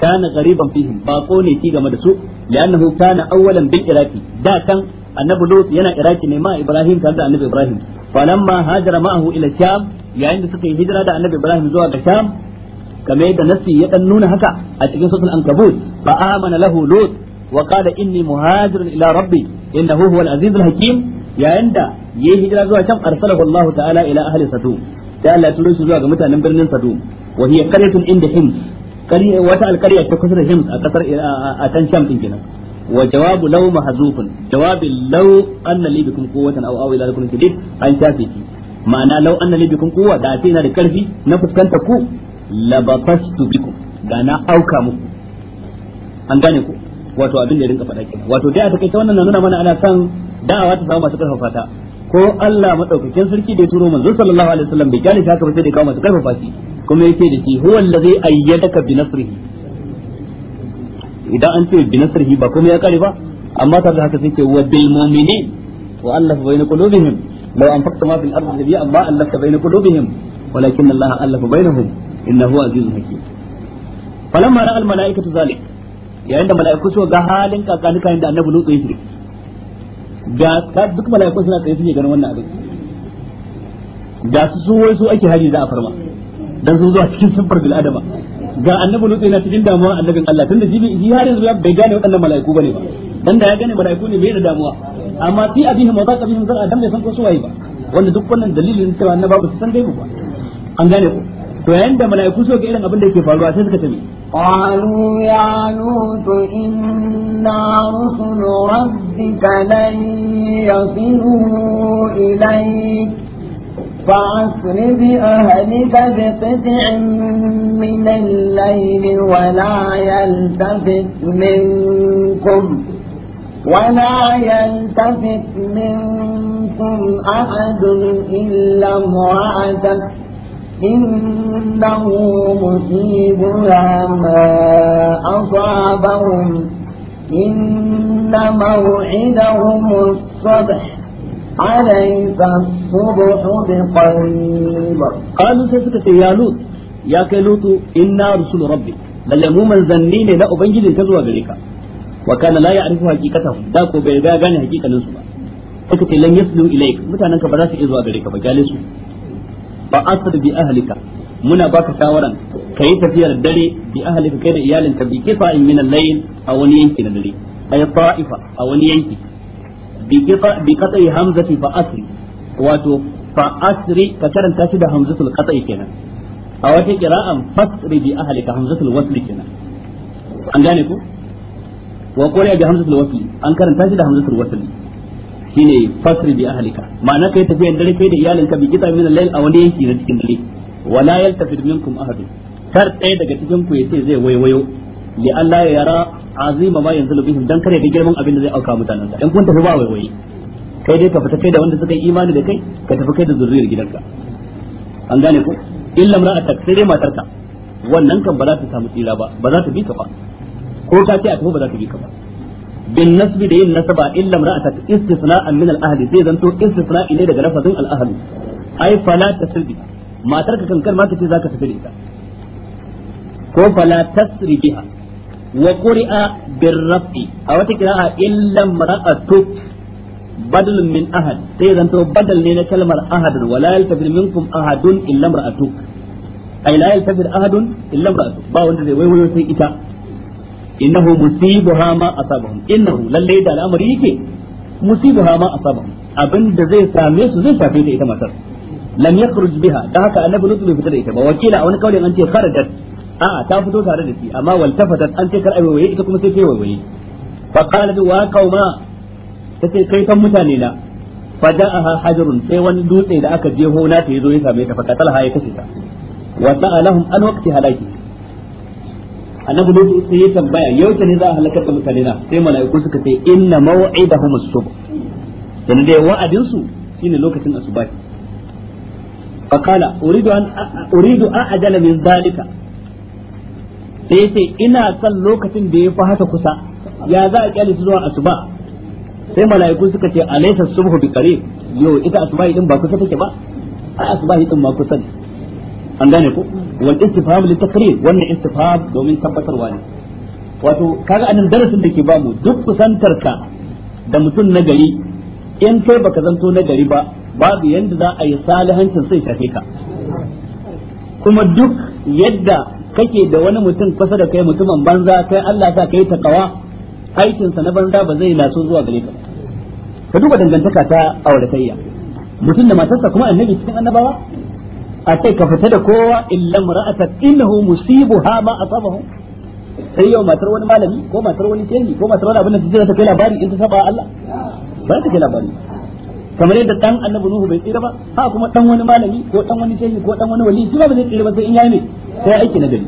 Speaker 1: kana gariban fihim bako ne shi game da su li'annahu kana awwalan bil iraqi da kan annabi lut yana iraki ne ma ibrahim tare da annabi ibrahim falamma hajara ma'ahu ila sham yayin da suka yi hijira da annabi ibrahim zuwa ga sham kamar yadda nasi ya dan nuna haka a cikin suratul ankabut fa amana lahu lut wa qala inni muhajirun ila rabbi innahu huwal azizul hakim yayin da yayi hijira zuwa can arsalahu Allah ta'ala ila ahli sadu da Allah turo zuwa ga mutanen birnin sadu wa hiya qaryatun inda wata ta kusa da hims a kasar a وجواب لو محذوف جواب لو ان لي بكم قوه او او الى لكم شديد ان شافيتي ma'ana lau anna li bikum quwwa da ce na da karfi na fuskanta ku labatastu bikum da na auka muku an gane ku wato abin da ya rinka faɗa kenan wato dai a take ta wannan na nuna mana ana son da'awa ta samu masu karfafa ta ko Allah madaukakin sarki da ya turo manzo sallallahu alaihi wasallam bai gane haka ba sai da kawo masu karfafa shi kuma yake da shi huwa allazi ayyadaka bi nasrihi idan an ce bi nasrihi ba kuma ya kare ba amma ta da haka sai ke wa bil mu'minin wa allafa bayna qulubihim law anfaqta ma fil ardi jami'an ma allafta bayna qulubihim walakin Allah allafa bainahum innahu azizun hakim falamma ra'al malaikatu zalik yayin da malaiku suka ga halin kakanuka inda annabi lutsu yake ga duk malaiku suna tsaye suke ganin wannan abin ga su su wai su ake hari za a dan sun zuwa cikin siffar bil adama ga annabi lutsu yana cikin damuwa annabin Allah tunda jibi shi har yanzu bai gane waɗannan malaiku bane ba dan da ya gane malaiku ne bai da damuwa amma fi abihim wa zaqabihim zar'a adam bai san ko su waye ba wanda duk wannan dalilin cewa annabi ba su san gaibu ba an gane ko to yanda da mala'iku suka irin abin da ke faruwa sai suka ce
Speaker 2: qalu ya lutu inna rusul rabbika lan yasilu ilayk فعسر بأهلك بقطع من الليل ولا يلتفت منكم ولا يلتفت منكم أحد إلا امرأتك إنه مصيبها ما أصابهم إن موعدهم الصبح أليس الصبح بقريب
Speaker 1: قالوا سيسك يا لوط يا كلوط إنا رسل ربي lalle mu manzanni ne na ubangijin ta zuwa gare ka wa kana la ya'rifu haqiqata da ko bai ga gane haqiqanin ba suka ce lan yaslu ilaik ba za iya zuwa gare ka ba su fa asr bi ahlika muna baka shawaran kai tafiyar dare bi ahlika kai da iyalinka bi qita'in min al-layl a wani yanki na dare ay ta'ifa a wani yanki bi kifa bi qata'i hamzati fa asri wato fa asri ka karanta shi da hamzatul qata'i kenan a wata qira'an fasri bi ahlika hamzatul wasl kenan an gane ku wa qul ya bi hamzatul wasl an karanta shi da hamzatul wasl shine fasri bi ahlika ma'ana kai tafiyan dare kai da iyalinka bi gita min al-layl a wani yanki na cikin dare wala yaltafid minkum ahad kar tsaye daga cikin ku yace zai waiwayo li Allah ya yara azima ma yanzu bihim dan kare da girman abin da zai auka mutanen dan kun tafi ba waiwaye kai dai ka fita kai da wanda suka yi imani da kai ka tafi kai da zuriyar gidanka an gane ku illa mar'atak sai dai matarka wannan kan ba za ta samu tsira ba ba za ta bi ka ba ko ta ce a tafi ba za ta bi ka ba bin nasbi da yin nasaba a imra'atak istisna'an min al-ahli sai zanto istisna'i ne daga lafazin al-ahli ai fala tasribi matar ka kankar ma kace zaka tafi ita ko fala tasribiha wa quri'a bir rafi a wata qira'a illa imra'atuk badal min ahad sai zanto badal ne na kalmar ahad wala yaltafir minkum ahadun illa imra'atuk ai la ahadun ba wanda zai waiwayo sai ita innahu musibuha ma asabahum innahu lalle da al'amari yake musibuha ma asabahum abinda zai same su zai shafe ta ita matar lam yakhruj biha da haka annabi lutu bai fita da ita ba wakila a wani kaulin an ce kharajat a ta fito tare da shi amma wal tafatat an ce kar ai waye ita kuma sai ta waye fa qalat wa qauma tace kai kan mutane na fa ja'aha hajrun sai wani dutse da aka jeho na ta yazo ya same ta fa qatalha ya kashe ta wa sa'alahum an waqti halaki annabi lutu sai ya tambaya yaushe ne za a halakar da mutane na sai mala'iku suka ce inna maw'idahum as-subh dan dai wa'adin su shine lokacin asuba faqala uridu an uridu a'jala min zalika sai ce ina son lokacin da ya fi haka kusa ya za a kyale su zuwa asuba sai mala'iku suka ce alaysa subhu bi qarib yau ita asuba din ba kusa take ba a asuba din ma kusa ne an gane ku wal istifham li takrir wannan istifham domin tabbatarwa ne wato kaga anan darasin da ke bamu duk kusantar ka da mutum na gari in kai baka zanto na gari ba babu yanda za a yi salihancin sai shafe ka kuma duk yadda kake da wani mutum kusa da kai mutumin banza kai Allah sa kai takawa aikin sa na banza ba zai laso zuwa gare ka ka duba dangantaka ta auratayya mutum da matarsa kuma annabi cikin annabawa a sai ka fita da kowa illa mar'ata innahu musibuha ma asabahu sai yau matar wani malami ko matar wani shehi ko matar wani abin da take ta kai labari in ta saba Allah ba ta kai labari kamar yadda dan annabi nuhu bai tsira ba ha kuma dan wani malami ko dan wani shehi ko dan wani wali shi ba zai tsira ba sai in yayi ne sai aiki na gari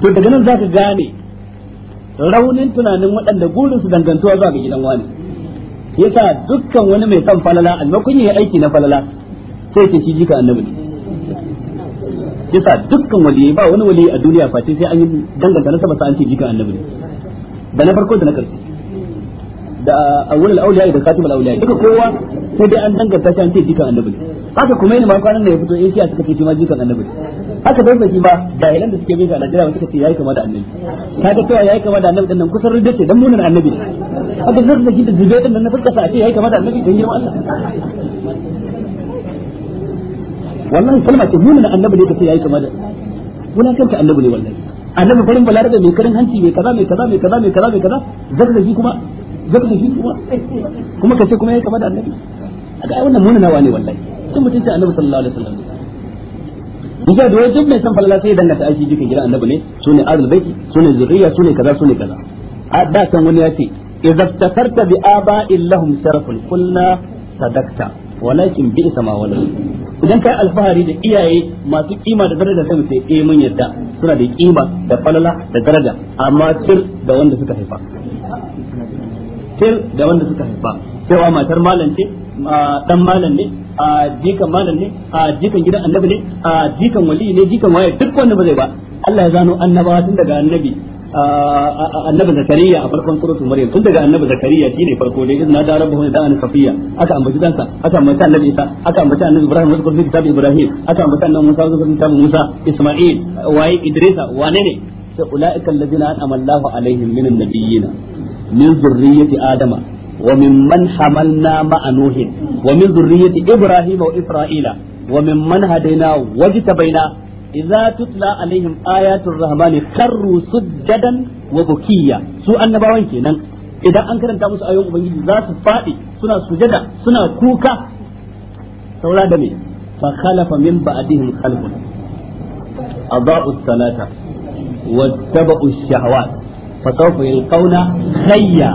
Speaker 1: to daga nan zaka gane raunin tunanin waɗanda gurin su dangantuwa zuwa ga gidan wani yasa dukkan wani mai son falala almakun yi aiki na falala sai ke shi jika annabi ne yasa dukkan waliyai ba wani waliyai a duniya face sai an yi danganta na sa an ce jikan annabi ne da na farko da na karshe da wurin awliya da khatimul awliya duka kowa sai dai an danganta shi an ce jikan annabi ne haka kuma yana ma kwanan ne ya fito eh siya suka ce shi ma jikan annabi ne haka bai baki ba hilan da suke bai a Najeriya suka ce yayi kama da annabi kaga cewa yayi kama da annabi dinnan kusan rudda ce dan munin annabi ne haka ji da jube din nan na fuskasa a ce yayi kama da annabi dan girman
Speaker 3: Allah wallahi kalma ce nuna
Speaker 1: annabi ne kace yayi kama da wulakanta annabi ne wallahi annabi farin balarabe mai karin hanci mai kaza mai kaza mai kaza mai kaza mai kaza zaka da shi kuma zaka da shi kuma kuma kace kuma yayi kama da annabi aga wannan nuna nawa ne wallahi sun mutunta annabi sallallahu alaihi wasallam Diga da duk mai san falala sai danganta aiki jikin gidan annabi ne Su ne ahlul baiti sune zuriya sune kaza ne kaza a da san wani ya ce idza tafarta bi aba'illahum sharafun qulna sadaqta walakin bi isa ma wala idan kai alfahari da iyaye masu kima da daraja sai sai eh mun yarda suna da kima da falala da daraja amma sir da wanda suka haifa sir da wanda suka haifa cewa matar malam ce dan malam ne a jikan malam ne a jikan gidan annabi ne a jikan wali ne jikan waye duk wanda ba zai ba Allah ya zano annabawa tun daga annabi annabi zakariya a farkon suratul maryam tun daga annabi zakariya shine farko da idan da rabbahu da an safiya aka ambaci dansa aka ambaci annabi isa aka ambaci annabi ibrahim wa zikr kitab ibrahim aka ambaci annabi musa wa zikr kitab musa isma'il waye idrisa wane ne sai ulaika alladhina an'ama Allahu alaihim minan nabiyyin min zurriyyati adama wa وممن حملنا مع نوح ومن ذرية إبراهيم وإسرائيل وممن هدينا واجتبينا idza tutula alaihim ayatul rahmani karru sujjadan wa bukiya su annabawan kenan idan an karanta musu ayoyin ubangiji za su fadi suna sujada suna kuka saura da me fa khalafa min ba'dihim khalqun adaa'u salata wattaba'u shahawat fa sawfa yalqawna khayya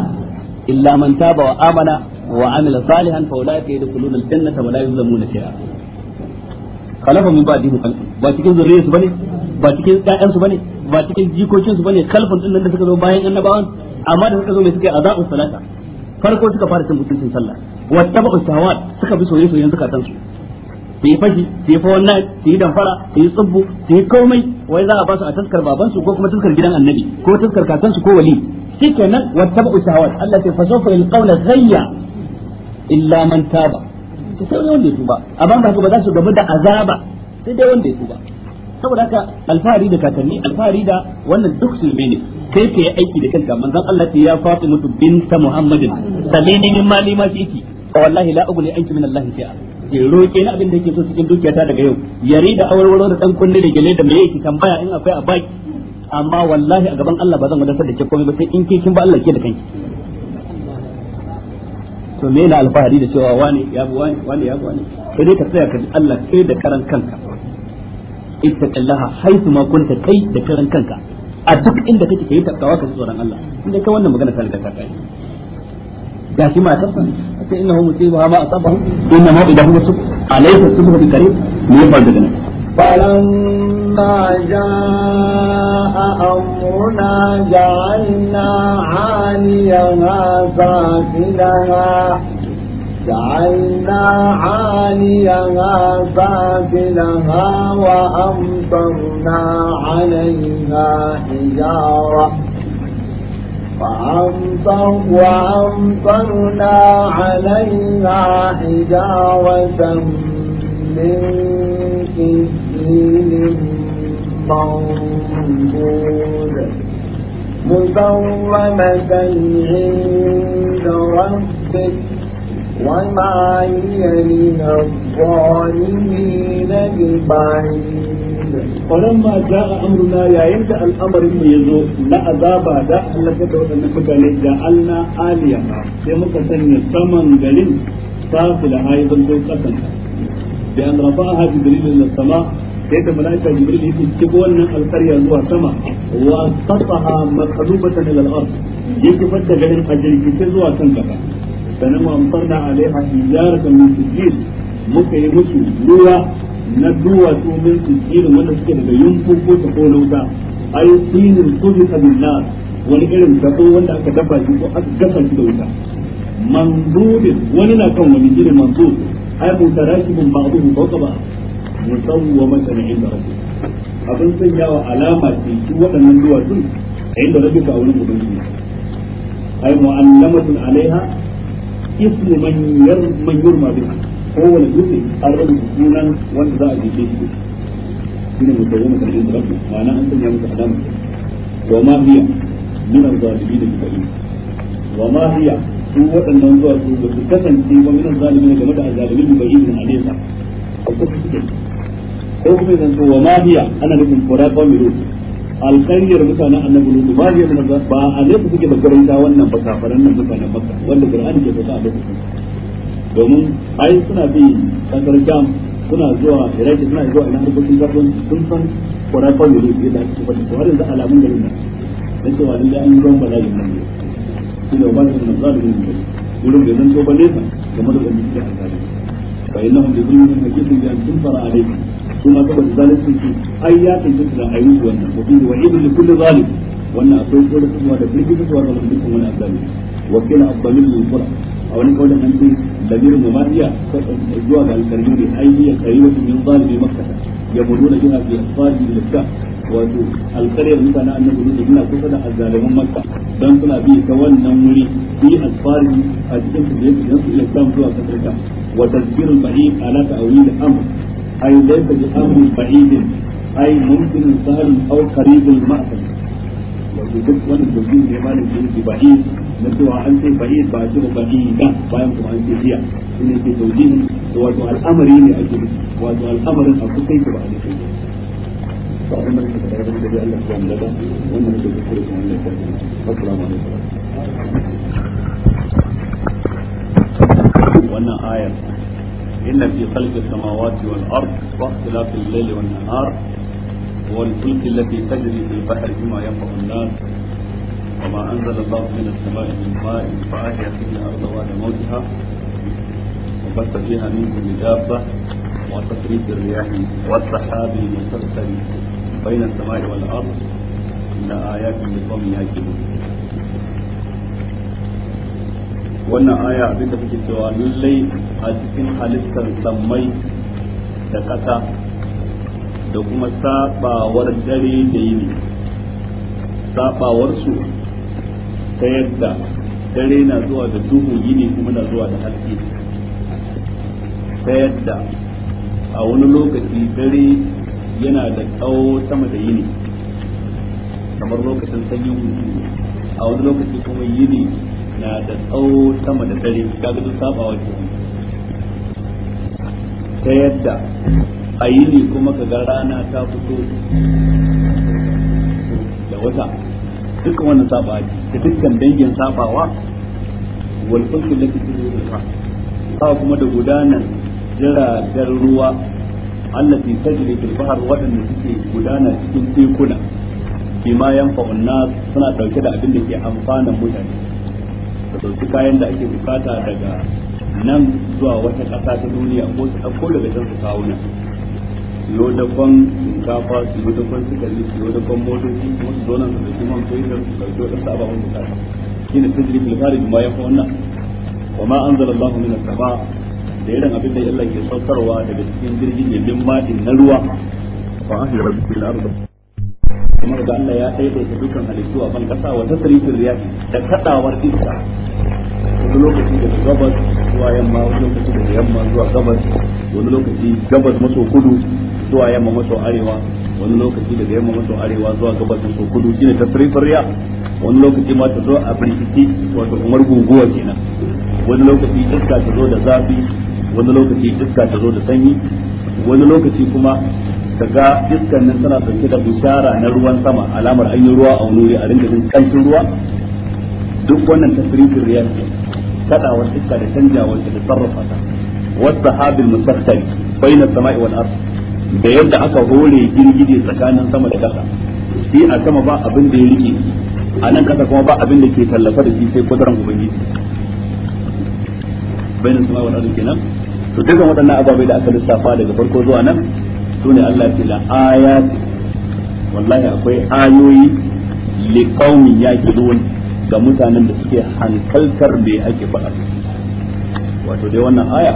Speaker 1: illa man taba wa amana wa amila salihan fa ulaika yadkhuluna al-jannata wa la yuzlamuna shay'a khalafa min ba'dihi khalqun ba cikin zuriyar su bane ba cikin ƴaƴan su bane ba cikin jikokin su bane kalfin din nan da suka zo bayan annabawan amma da suka zo mai suka yi azabu salata farko suka fara cin mutuncin sallah tabu sawat suka bi soyayya soyayya zakatan su su yi fashi su yi fawon nan su yi damfara su yi tsubbu su yi komai wai za a ba su a taskar su ko kuma taskar gidan annabi ko taskar su ko wali shikenan tabu sawat Allah ce fa sawfa qawla ghayya illa man taba ce sai wanda ya tuba amma ba ba za su gamu da azaba sai dai wanda ya tuba saboda haka alfahari da kakanni alfahari da wannan duk sulme ne kai ka aiki da kanka manzon Allah ce ya Fatimatu binta Muhammadin salini min mali ma shi wallahi la ugli anki min Allah shay'a ke roke ni abin da yake so cikin dukiyata daga yau yare da awarwaro da dan kunne da gele da me yake tambaya in akwai a baki amma wallahi a gaban Allah ba zan wadatar da ke komai ba sai in kin ba Allah ke da kanki to me na alfahari da cewa wane ya bi wani wane ya bi sai dai ka tsaya ka ji Allah kai da karan kanka ma kunta kai da karan kanka a duk inda kake kai takawa ka tsoron Allah inda kai wannan magana ta riga ta kai ma musibaha ma inna ne ba daga nan
Speaker 2: جاء أمرنا جعلنا عاليها سافلها جعلنا عاليها سافلها وأمطرنا عليها حجارة وأمطر وأمطرنا عليها حجارة من سجيل منضود مسومة عند ربك وما هي من الظالمين
Speaker 1: ببعيد falamma jaa amruna yayin da al'amarin mu yazo na azaba da halaka da wadannan mutane da alna aliya sai muka sanya saman garin safi da haibin ko kasan da an rafa'a sama sai da malaika jibril yake kibo wannan alƙarya zuwa sama wa tasaha maqlubatan ila al-ard yake a garin ajirkice zuwa kan gaba sanan wa amtarna alaiha hijaratan min sijil muka yi musu ruwa na duwatsu min sijil wanda suke daga yunfu ko ta ko lauta ay sinin kubita bin wani irin gabo wanda aka dafa shi ko aka gasa shi da wuta manzudin wani na kan wani irin manzud ay mutarashibun ba'duhu fawqa ba'd musawwamatan inda rabbika abin alama ce su waɗannan duwatsun inda a wurin ubangiji mu'allamatun alaiha ismu man yar man yurma dutse an sunan wanda za a shi inda ma'ana an alama wa ma min al wa ma hiya su waɗannan ba su kasance ba min al game da al a ko kuma zan to wa ma hiya ana nufin quraqa min rusul alqaryar mutanen annabi lutu ba hiya min ba a ne suke da garanta wannan ba nan mutane makka wanda qur'ani ke faɗa da su domin ai suna bi kasar jam suna zuwa iraki suna zuwa ina harkokin kafin sun san quraqa min rusul da su faɗa to har yanzu alamun garin nan dan cewa lalle an zo ba bala'in nan ne shi ne ba su da zalimin wurin da zan to ba nesa game da wanda suke a zalimin fa innahum bi dhulmin hakikin bi an tunfara alaihim su ma saboda zalincin su ai ya tsinci su da ayyuka wannan wa bihi wa'idu li kulli zalim wannan akwai tsoro kuma da birgin suwa da dukkan wani azzalimi wa kila abdalil kula a wani kaulin an ce lamir mumariya zuwa ga alkarbi ne ai hiya qaribatu min zalimi makkah yamuruna biha fi asfari al-sham wato alkariyar mutanen annabi ne suna kusa da azzalimin makka dan suna bi ta wannan wuri bi asfari a cikin su da yake su iya samu zuwa kasar ka wa tadbirul ba'id ala ta'wil amr أي ليس بأمر بعيد أي ممكن سهل أو قريب المأثم wato duk wani dokin da ya bani da na cewa an ce ba'i ba shi ba da bayan kuma an ce biya shi ke taujihin da wato al'amari ne ake wato al'amarin a kusa yake ba a nufin ba a wannan da ya zama Allah wannan wannan ayar إن في خلق السماوات والأرض واختلاف الليل والنهار والفلك التي تجري في البحر بما ينفع الناس وما أنزل الله من السماء من ماء فأحيا به الأرض بعد موتها وبث فيها من كل دابة وتصريف الرياح والسحاب المسلسل بين السماء والأرض إن آيات لقوم يعجبون wannan aya abinda kake cewa lallai a cikin halittar sammai da ƙasa da kuma sabawar dare da yini sabawar su ta yadda dare na zuwa da duhu yini kuma na zuwa da haske ta yadda a wani lokaci dare yana da tsawo sama da yini kamar lokacin sanyin a wani lokaci kuma yini na da tsawo sama da dare kaga duk sabawa ce ta yadda a yi ne kuma ka ga rana ta fito da wata dukkan wannan saba ce da dukkan dangin sabawa wal fulku lati tuzu ba kuma da gudanar jiragen ruwa allati tajri fil bahr wadanda suke gudana cikin tekuna bima yanfa'un nas suna dauke da abin da ke amfana mutane Ka dauki kayan da ake bukata daga nan zuwa wata ƙasa ta duniya ko su ɗauko daga can su kawo nan yo dakon shinkafa su yi dakon sukari su yi dakon motoci kuma su zonan su dauki man fetur su dauki waɗansu wani bukata shine tajri fil kharij ma fi wannan wa ma anzala Allah min as-sama da irin abin da Allah ke saukarwa daga cikin jirgin yammin ma'in na ruwa fa ardh kamar da Allah ya daidaita dukan halittu a ban kasa wa tasrifin riyahi da kadawar iska wani lokaci da gabas zuwa yamma wani lokaci da yamma zuwa gabas wani lokaci gabas maso kudu zuwa yamma maso arewa wani lokaci daga yamma maso arewa zuwa gabas maso kudu shine tasrifin riya wani lokaci ma ta zo a birkiti wato kamar guguwa kenan wani lokaci iska ta zo da zafi wani lokaci iska ta zo da sanyi wani lokaci kuma kaga iskan nan tana sauke da bishara na ruwan sama alamar hanyar ruwa a wani a rinka jin kanshin ruwa duk wannan tasrikin riyal ce kadawar iska da canjawar da sarrafa ta wasahabil musakhkhari baina samai wal ard da yadda aka hore girgije tsakanin sama da kasa shi a sama ba abin da ya rike a nan kasa kuma ba abin da ke tallafa da shi sai kudaran ubangiji baina samai wal ard kenan to dukkan waɗannan ababai da aka lissafa daga farko zuwa nan sune Allah ce la ayati wallahi akwai ayoyi li qaumin yaqilun ga mutanen da suke hankaltar me ake faɗa wato dai wannan aya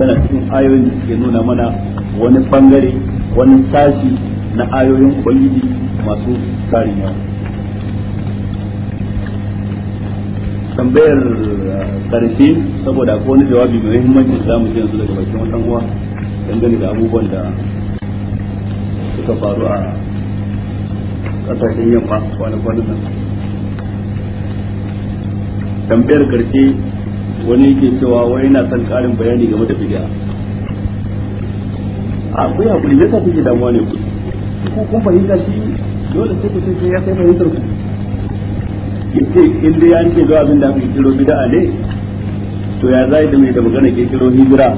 Speaker 1: tana cikin ayoyin da suke nuna mana wani bangare wani sashi na ayoyin ubangiji masu tarin yawa tambayar eh, karshe saboda akwai wani jawabi mai muhimmanci da zamu ji yanzu daga bakin wata uwa dangane da abubuwan da suka faru a kasashen yamma kwanan nan tambayar karshe wani yake cewa wani yana son karin bayani game da bidiya akwai hakuri me yasa kuke damuwa ne ku ko kun fahimta shi dole sai ku sai ya kai fahimtar ku yace in dai an ce zuwa abin da aka kiro bid'a ne to ya zai da mai da magana ke kiro hijira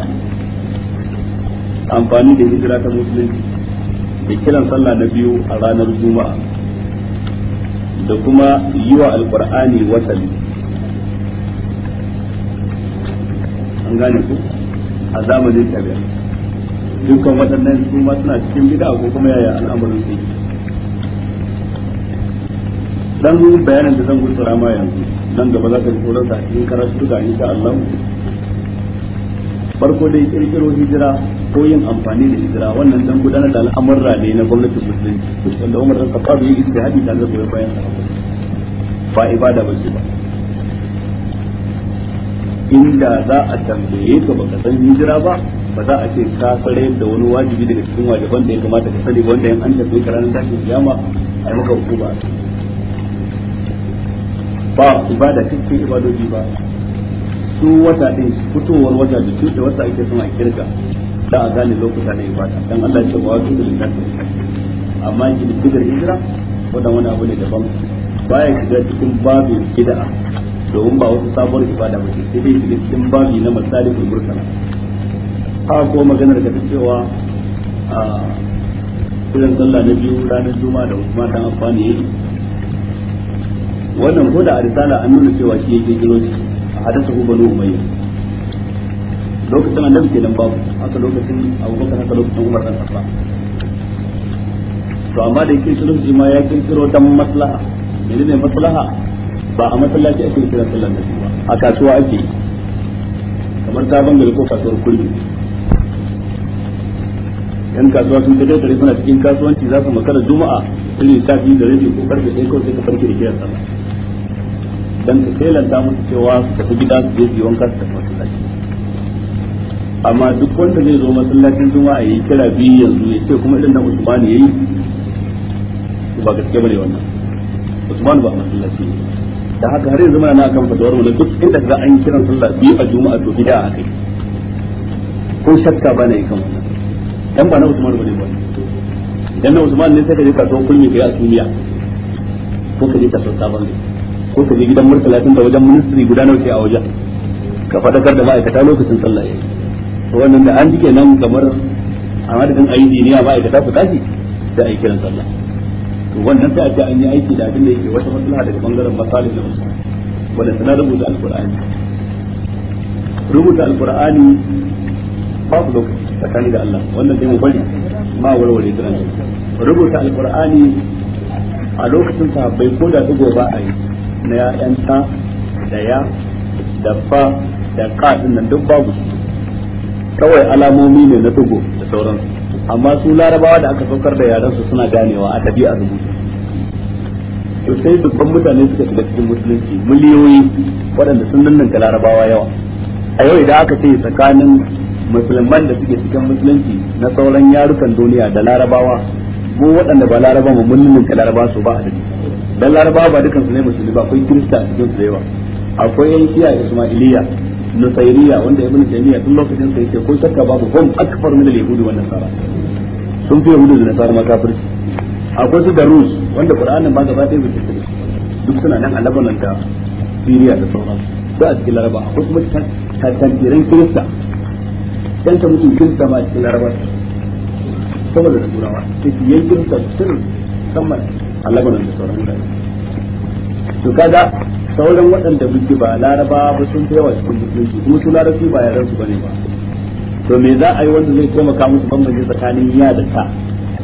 Speaker 1: amfani da hijira ta musulunci da kiran sallah na biyu a ranar juma'a da kuma yi wa alkur'ani wasali an gane ku a zamanin tabi'a dukkan waɗannan su ma suna cikin bid'a ko kuma yaya al'amarin su dan bayanin da zan gutsura ma yanzu nan gaba za ka ji horon da in karatu da insha Allah farko dai kirkiro hijira ko yin amfani da hijira wannan dan gudanar da al'amurra ne na gwamnatin musulunci wanda Umar dan kafa yi istihadi tare da zai bayan fa ba ibada ba ce ba inda za a tambaye ka baka san hijira ba ba za a ce ka fara da wani wajibi daga cikin wajiban da ya kamata ka sani wanda yan an da ka karanta tashin kiyama a yi maka hukuma ba ibada cikin ibadoji ba su wata ɗin fitowar wata da cuta wata ake son a kirga da a gane lokuta na ibada dan Allah ya ce wa wasu da littafin amma kididdigar hijira wadda wani abu ne daban baya shiga cikin babin bid'a domin ba wasu sabuwar ibada ba ce sai dai shiga cikin babu na masalikul mursala ha ko maganar da ta cewa a kiran sallah na biyu ranar juma'a da usman dan amfani yi wannan ko da a risala an nuna cewa shi yake kiro shi a hadasa ko mai umayya lokacin annabi kenan babu haka lokacin abubakar haka lokacin umar dan khattab to amma da yake shirin shi ma ya kirkiro dan maslaha menene maslaha ba a masallaci ake kira sallar da ba a kasuwa ake kamar ta bangal ko kasuwar kulli yan kasuwa sun fito tare suna cikin kasuwanci za su makara juma'a irin sha biyu da rabi ko karfe ɗaya kawai sai ka farke da kiran sallah dan ka kailanta musu cewa su tafi gida su je su yi wanka su tafi masallaci amma duk wanda zai zo masallacin a yi kira biyu yanzu ya ce kuma irin da Usman yi ba gaske bane wannan Usman ba masallaci da haka har yanzu mana na kan fatawar mu duk inda ga an kiran sallah biyu a juma'a to bid'a kai ko shakka bane kan wannan dan ba na Usman bane ba dan na Usman ne sai ka je kasuwar kulmi yi a duniya ko ka je kasuwar sabon ko ka je gidan murtala tun da wajen ministry guda nawa ke a wajen ka fadakar da ma'aikata lokacin sallah yayi wannan da an jike nan kamar a madadin ayi duniya ba aikata ku tashi da ai kiran sallah to wannan sai a ce an yi aiki da abin da yake wata matsala daga bangaren masalin da musu wanda suna rubuta alqur'ani rubuta alqur'ani babu lokaci tsakani da Allah wannan sai mu bari ma warware tunan rubuta alqur'ani a lokacin sahabbai ko da dugo ba a yi na ya'yanta da ya da fa da ka din nan duk babu su kawai alamomi ne na dugo da sauransu amma su larabawa da aka saukar da yaran su suna ganewa a tabi'a rubutu to sai dubban mutane suka shiga cikin musulunci miliyoyi waɗanda sun nannan larabawa yawa a yau idan aka ce tsakanin musulman da suke cikin musulunci na sauran yarukan duniya da larabawa mu waɗanda ba laraba mu mun nannan laraba su ba adadi dan laraba ba dukan su ne musulmi ba akwai kirista cikin su yawa akwai yan shiya ismailiya nusairiya wanda ibn jamiya tun lokacin sa yake ko shakka babu hum akbar min al-yahudi wa nasara sun fi yahudi da nasara ma kafirci akwai su darus wanda qur'anin ba gaba ɗaya bai duk suna nan a labanan da siriya da sauransu da a cikin laraba akwai kuma tantiran kirista dan ta mutum kirista ma a cikin laraba saboda da turawa sai yan ta sun musamman a labanan da sauransu to kaga sauran waɗanda biki ba laraba ba sun fi yawa cikin su kuma su larabci ba yaran su bane ba to me za a yi wanda zai taimaka musu bambanci tsakanin ya da ta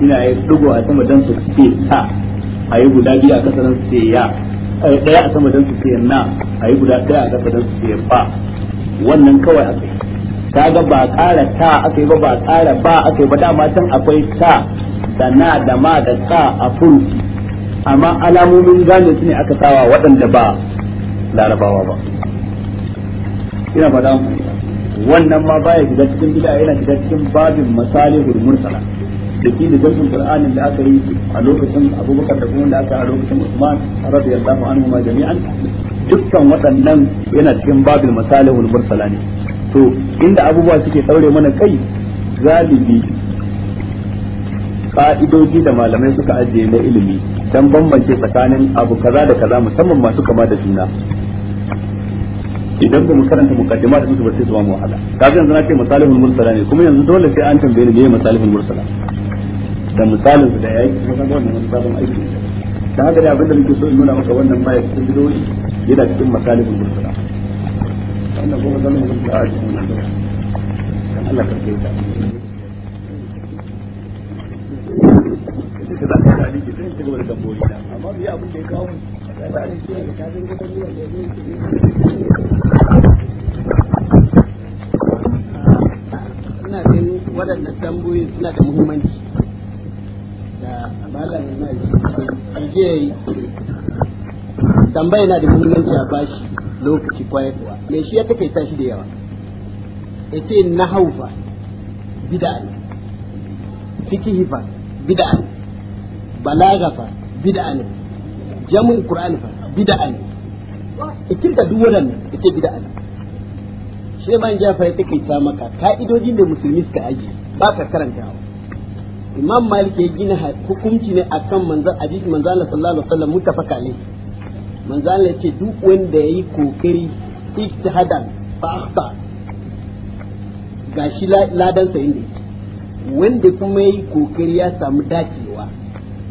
Speaker 1: ina yi dugo a sama dan su ce ta a yi guda biyu a kasa dan su ce ya ɗaya a sama dan su ce na a yi guda ɗaya a kasa dan su ce ba wannan kawai aka yi ga ba ƙara ta aka yi ba ba ƙara ba aka yi ba dama can akwai ta da na da ma da ta a furuki amma alamomin gane su ne aka sawa waɗanda ba larabawa ba ina fada wannan ma baya shiga cikin bid'a yana shiga cikin babin masalihul mursala da shi da jarfin qur'anin da aka yi a lokacin abubakar da kuma da aka a lokacin usman radiyallahu anhu ma jami'an dukkan waɗannan yana cikin babin masalihul mursala ne to inda abubuwa suke daure mana kai galibi ka'idoji da malamai suka ajiye na ilimi dan bambance tsakanin abu kaza da kaza musamman masu kama da juna idan ba mu karanta mukaddima da su ba sai su ba mu wahala kaga yanzu na ce misalihul mursala ne kuma yanzu dole sai an tambaye ni me mursala da misalin da yayi kuma wannan misalin aiki da haka da abin da muke so in nuna maka wannan ma cikin bidoyi yana cikin misalihul mursala wannan Allah ka kai da ya kawo ina ganin waɗannan tambayoyin suna da muhimmanci da malam na yi tambaya na da muhimmanci a bashi lokaci kwayarwa mai shi ya takaita shi da yawa ya ce na haufa bid'a ne fikihi fa bid'a ne balaga fa bid'a ne Jamun qur'ani bid'a ne ikin da duk wannan yake bid'a ne shi man jafar ya take ta maka ka'idojin da musulmi suka aje ba ka wa. imam malik ya gina hukunci ne akan manzon hadisi manzo Allah sallallahu alaihi wasallam mutafaka ne manzo Allah yace duk wanda yayi kokari ijtihadan fa akhta gashi ladan sa inda wanda kuma yayi kokari ya samu dacewa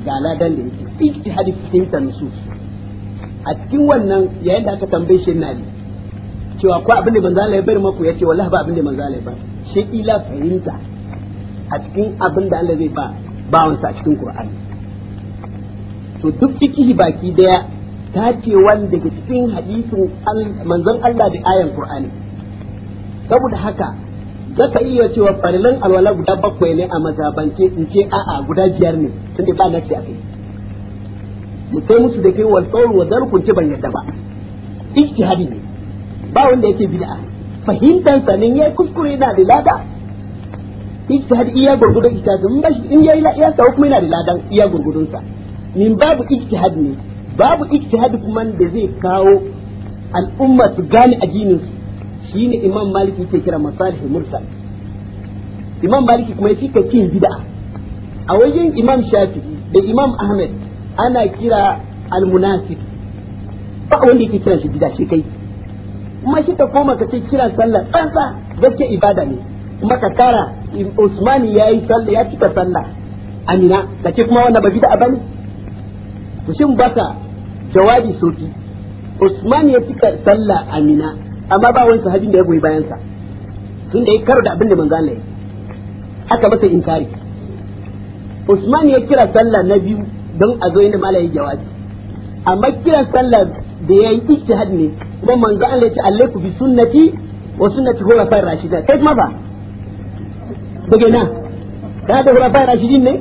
Speaker 1: ga ladan da yake ijtihadi cikin ta nusu a cikin wannan yayin da aka tambaye shi na ne cewa ko abin da manzo Allah ya bar maku yace wallahi ba abin da manzo Allah ya bar shi ila fahimta a cikin abin da Allah zai ba bawansa a cikin Qur'ani to duk fikihi baki daya ta ce wanda daga cikin hadisin manzon Allah da ayan Qur'ani saboda haka zaka iya cewa farilan alwala guda bakwai ne a mazabance in ce a'a guda biyar ne tun da ba na ce kai mu sai musu da kai wal qawl wa dal ce ban yadda ba ijtihadi ne ba wanda yake bid'a fahimtan sanin ne yayi kuskure na da lada ijtihadi iya gurgudun ijtihadi mun shi in yayi ya sa kuma yana da ladan iya gurgudun sa min babu ijtihad ne babu ijtihad kuma da zai kawo al'umma su gane addinin su ne imam maliki yake kira masalihin mursal imam maliki kuma yake kin bid'a a wajen imam Shafi da imam Ahmed ana kira almunasib ba wanda yake kira shi bid'a shi kai kuma shi ta koma ka ce kira sallah tsantsa gaske ibada ne kuma ka kara usmani yi sallah ya cika sallah amina ce kuma wannan ba bid'a bane to shin baka jawabi soki usmani ya cika sallah amina amma ba wani sahabin da ya goyi bayan sa tun da ya karo da abin da manzo Allah ya aka masa inkari Usman ya kira sallah na biyu don a zo inda malai jawabi amma kira sallah da yayi ijtihad ne kuma manzo Allah ya ce alaiku bi sunnati wa sunnati khulafa ar-rashidin kai kuma ba dage na da da khulafa ar-rashidin ne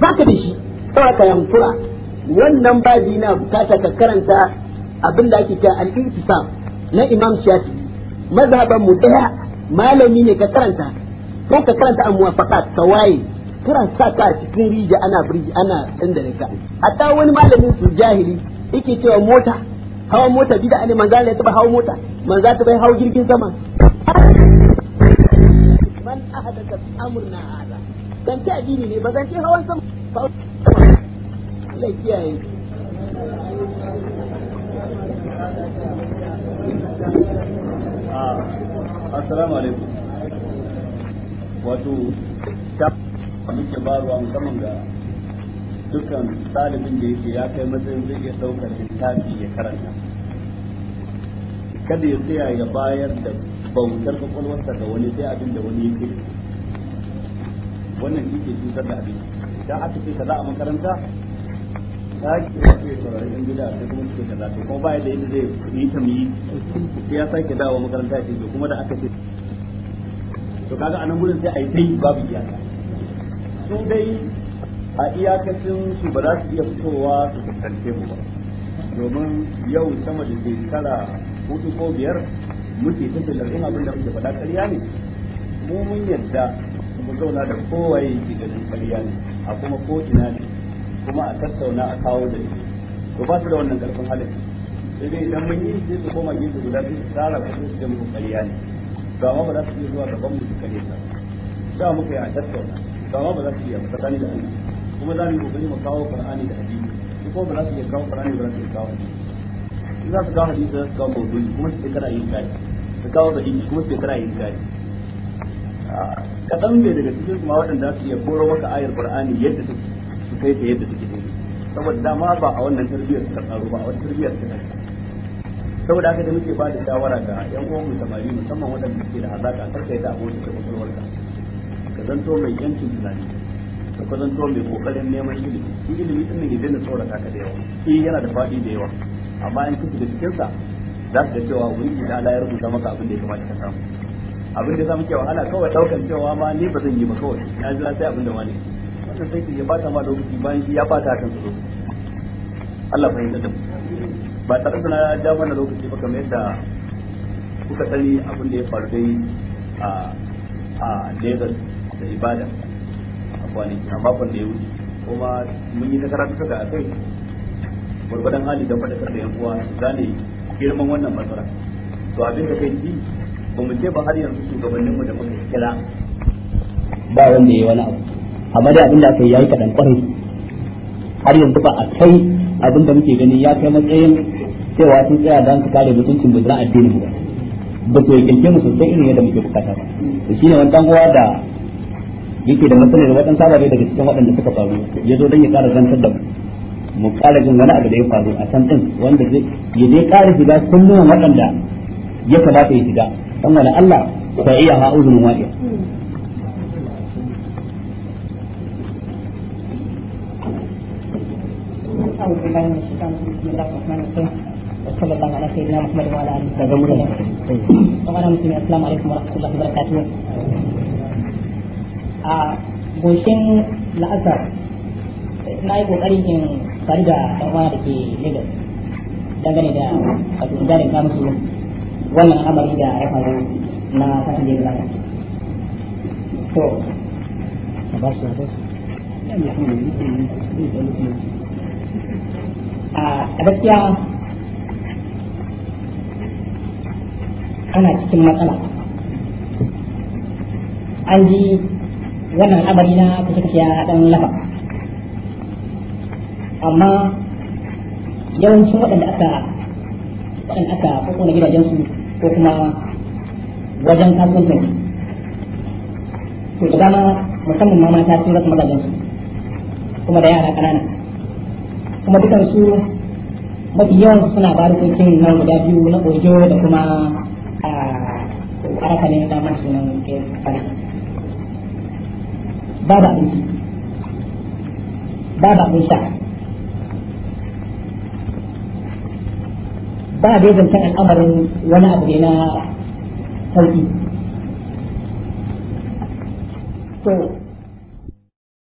Speaker 1: ka da shi saboda ka yankura wannan ba na bukata ka karanta abin da ake kira al ihtisab na imam shafi mazhaban mu daya malami ne ka karanta ko ka karanta an muwafaqat kira sa ka cikin rija ana birji ana ne ka hatta wani malamin su jahili yake cewa mota hawa mota bida ne manzo Allah ya taba hawa mota manzo ta bai hawa jirgin sama
Speaker 3: man ahadaka amruna hada
Speaker 1: dan ta addini ne ba zan ce hawan sama lai kiyaye Ah, assalamu alaikum wato ta muke barwa musamman ga dukkan ɗalibin da yake ya kai matsayin zai iya ɗaukar littafi ya karanta kada ya tsaya ya bayar da bautar kwakwalwarsa ga wani sai abin da wani yake wannan shi cutar da abin idan aka ce ka za a makaranta sake wato ya saurari ɗan gida sai kuma suke kaza to kuma baya da yadda zai yi tamyi sai ya sake dawo makaranta ce to kuma da aka ce to kaga anan gurin sai a yi dai babu iyaka su dai a iyakacin su ba za su iya fitowa su fuskance mu ba domin yau sama da shekara hudu ko biyar muke ta tallarin abin da muke faɗa ƙarya ne mu mun yadda mu zauna da kowaye ke ganin ƙarya ne a kuma ko ina ne kuma a tattauna a kawo da shi to ba su da wannan karfin halin sai dai idan mun yi sai su koma gefe guda biyu su tsara ko su ce mu kariya ne to amma ba za su yi zuwa gaban mu su kare ta sai mu kai a tattauna to amma ba za su yi ba tsakani da Allah kuma za mu yi kokari mu kawo Qur'ani da hadisi su kuma ba za su yi kawo Qur'ani ba za su iya kawo in za su kawo hadisi za su kawo maudu'i kuma su kira yin kai su kawo hadisi kuma su kira yin kai kaɗan bai daga cikin kuma waɗanda su iya koro maka ayar Qur'ani yadda take kai da yadda suke daidai saboda dama ba a wannan tarbiyyar ta tsaro ba a wata tarbiyyar ta suka saboda haka da muke ba da shawara ga yan uwan mu samari musamman waɗanda suke da hazaka kar ka kai da abokin da kwakwalwarka ka zanto mai yancin tunani ka zanto mai kokarin neman ilimi shi ilimi din ne idan da tsorata ka da yawa shi yana da faɗi da yawa amma in kuka da sa za ka ga cewa ubangiji da Allah ya rubuta maka abin da ya kamata ka samu abin da za mu ke wahala kawai daukan cewa ma ni ba zan yi ba kawai na jira sai abin da wani kasar sai ya bata ma lokaci bayan shi ya bata kan su Allah fahimta da mu ba tare da na ja mana lokaci ba kamar yadda kuka sani abin da ya faru dai a a Lagos da Ibadan a kwanaki a makon da ya wuce kuma mun yi ta karatu suka a kai gwargwadon hali da faɗaƙar da yankuwa uwa gane girman wannan matsala to abin da kai ji ba mu ce ba har yanzu shugabanninmu da muka kira ba wanda ya yi wani abu amma dai abin da aka yi yayi kadan kwarai har yanzu ba a kai abin da muke ganin ya kai matsayin cewa sun tsaya don su kare mutuncin da za addini ba ba su yakilce mu sosai irin yadda muke bukata ba to shine wani dan uwa da yake da matsalar waɗansu sabare daga cikin waɗanda suka faru ya zo don ya ƙara zantar da mu mu kara jin wani abu da ya faru a can din wanda zai ya dai kara shiga kullum waɗanda ya kamata ya shiga dan wani Allah ta iya ha'udun wa'iya
Speaker 4: أعوذ بالله من الشيطان بسم الله الرحمن الرحيم وصلى الله على سيدنا محمد وعلى آله وصحبه وسلم السلام عليكم ورحمة الله وبركاته a goshin la'asar na yi kokarin in faru da ɗan da ke Lagos dangane da wato jarin ta musu wannan da ya faru na jirgin to ba su da a gaskiya ana cikin matsala an ji wannan abari na kusa kashe ya dan lafa amma yawancin waɗanda aka waɗanda aka koko na gidajensu ko kuma wajen kasuwancin to da dama musamman ma mata sun rasa mazajensu kuma da yara ƙanana kuma dukan su mafi yawan suna ba da kokin na guda biyu na ojo da kuma a araka ne na masu nan ke fara da abinci ba abin sha ba da zancen al'amarin wani abu ne na sauki
Speaker 3: to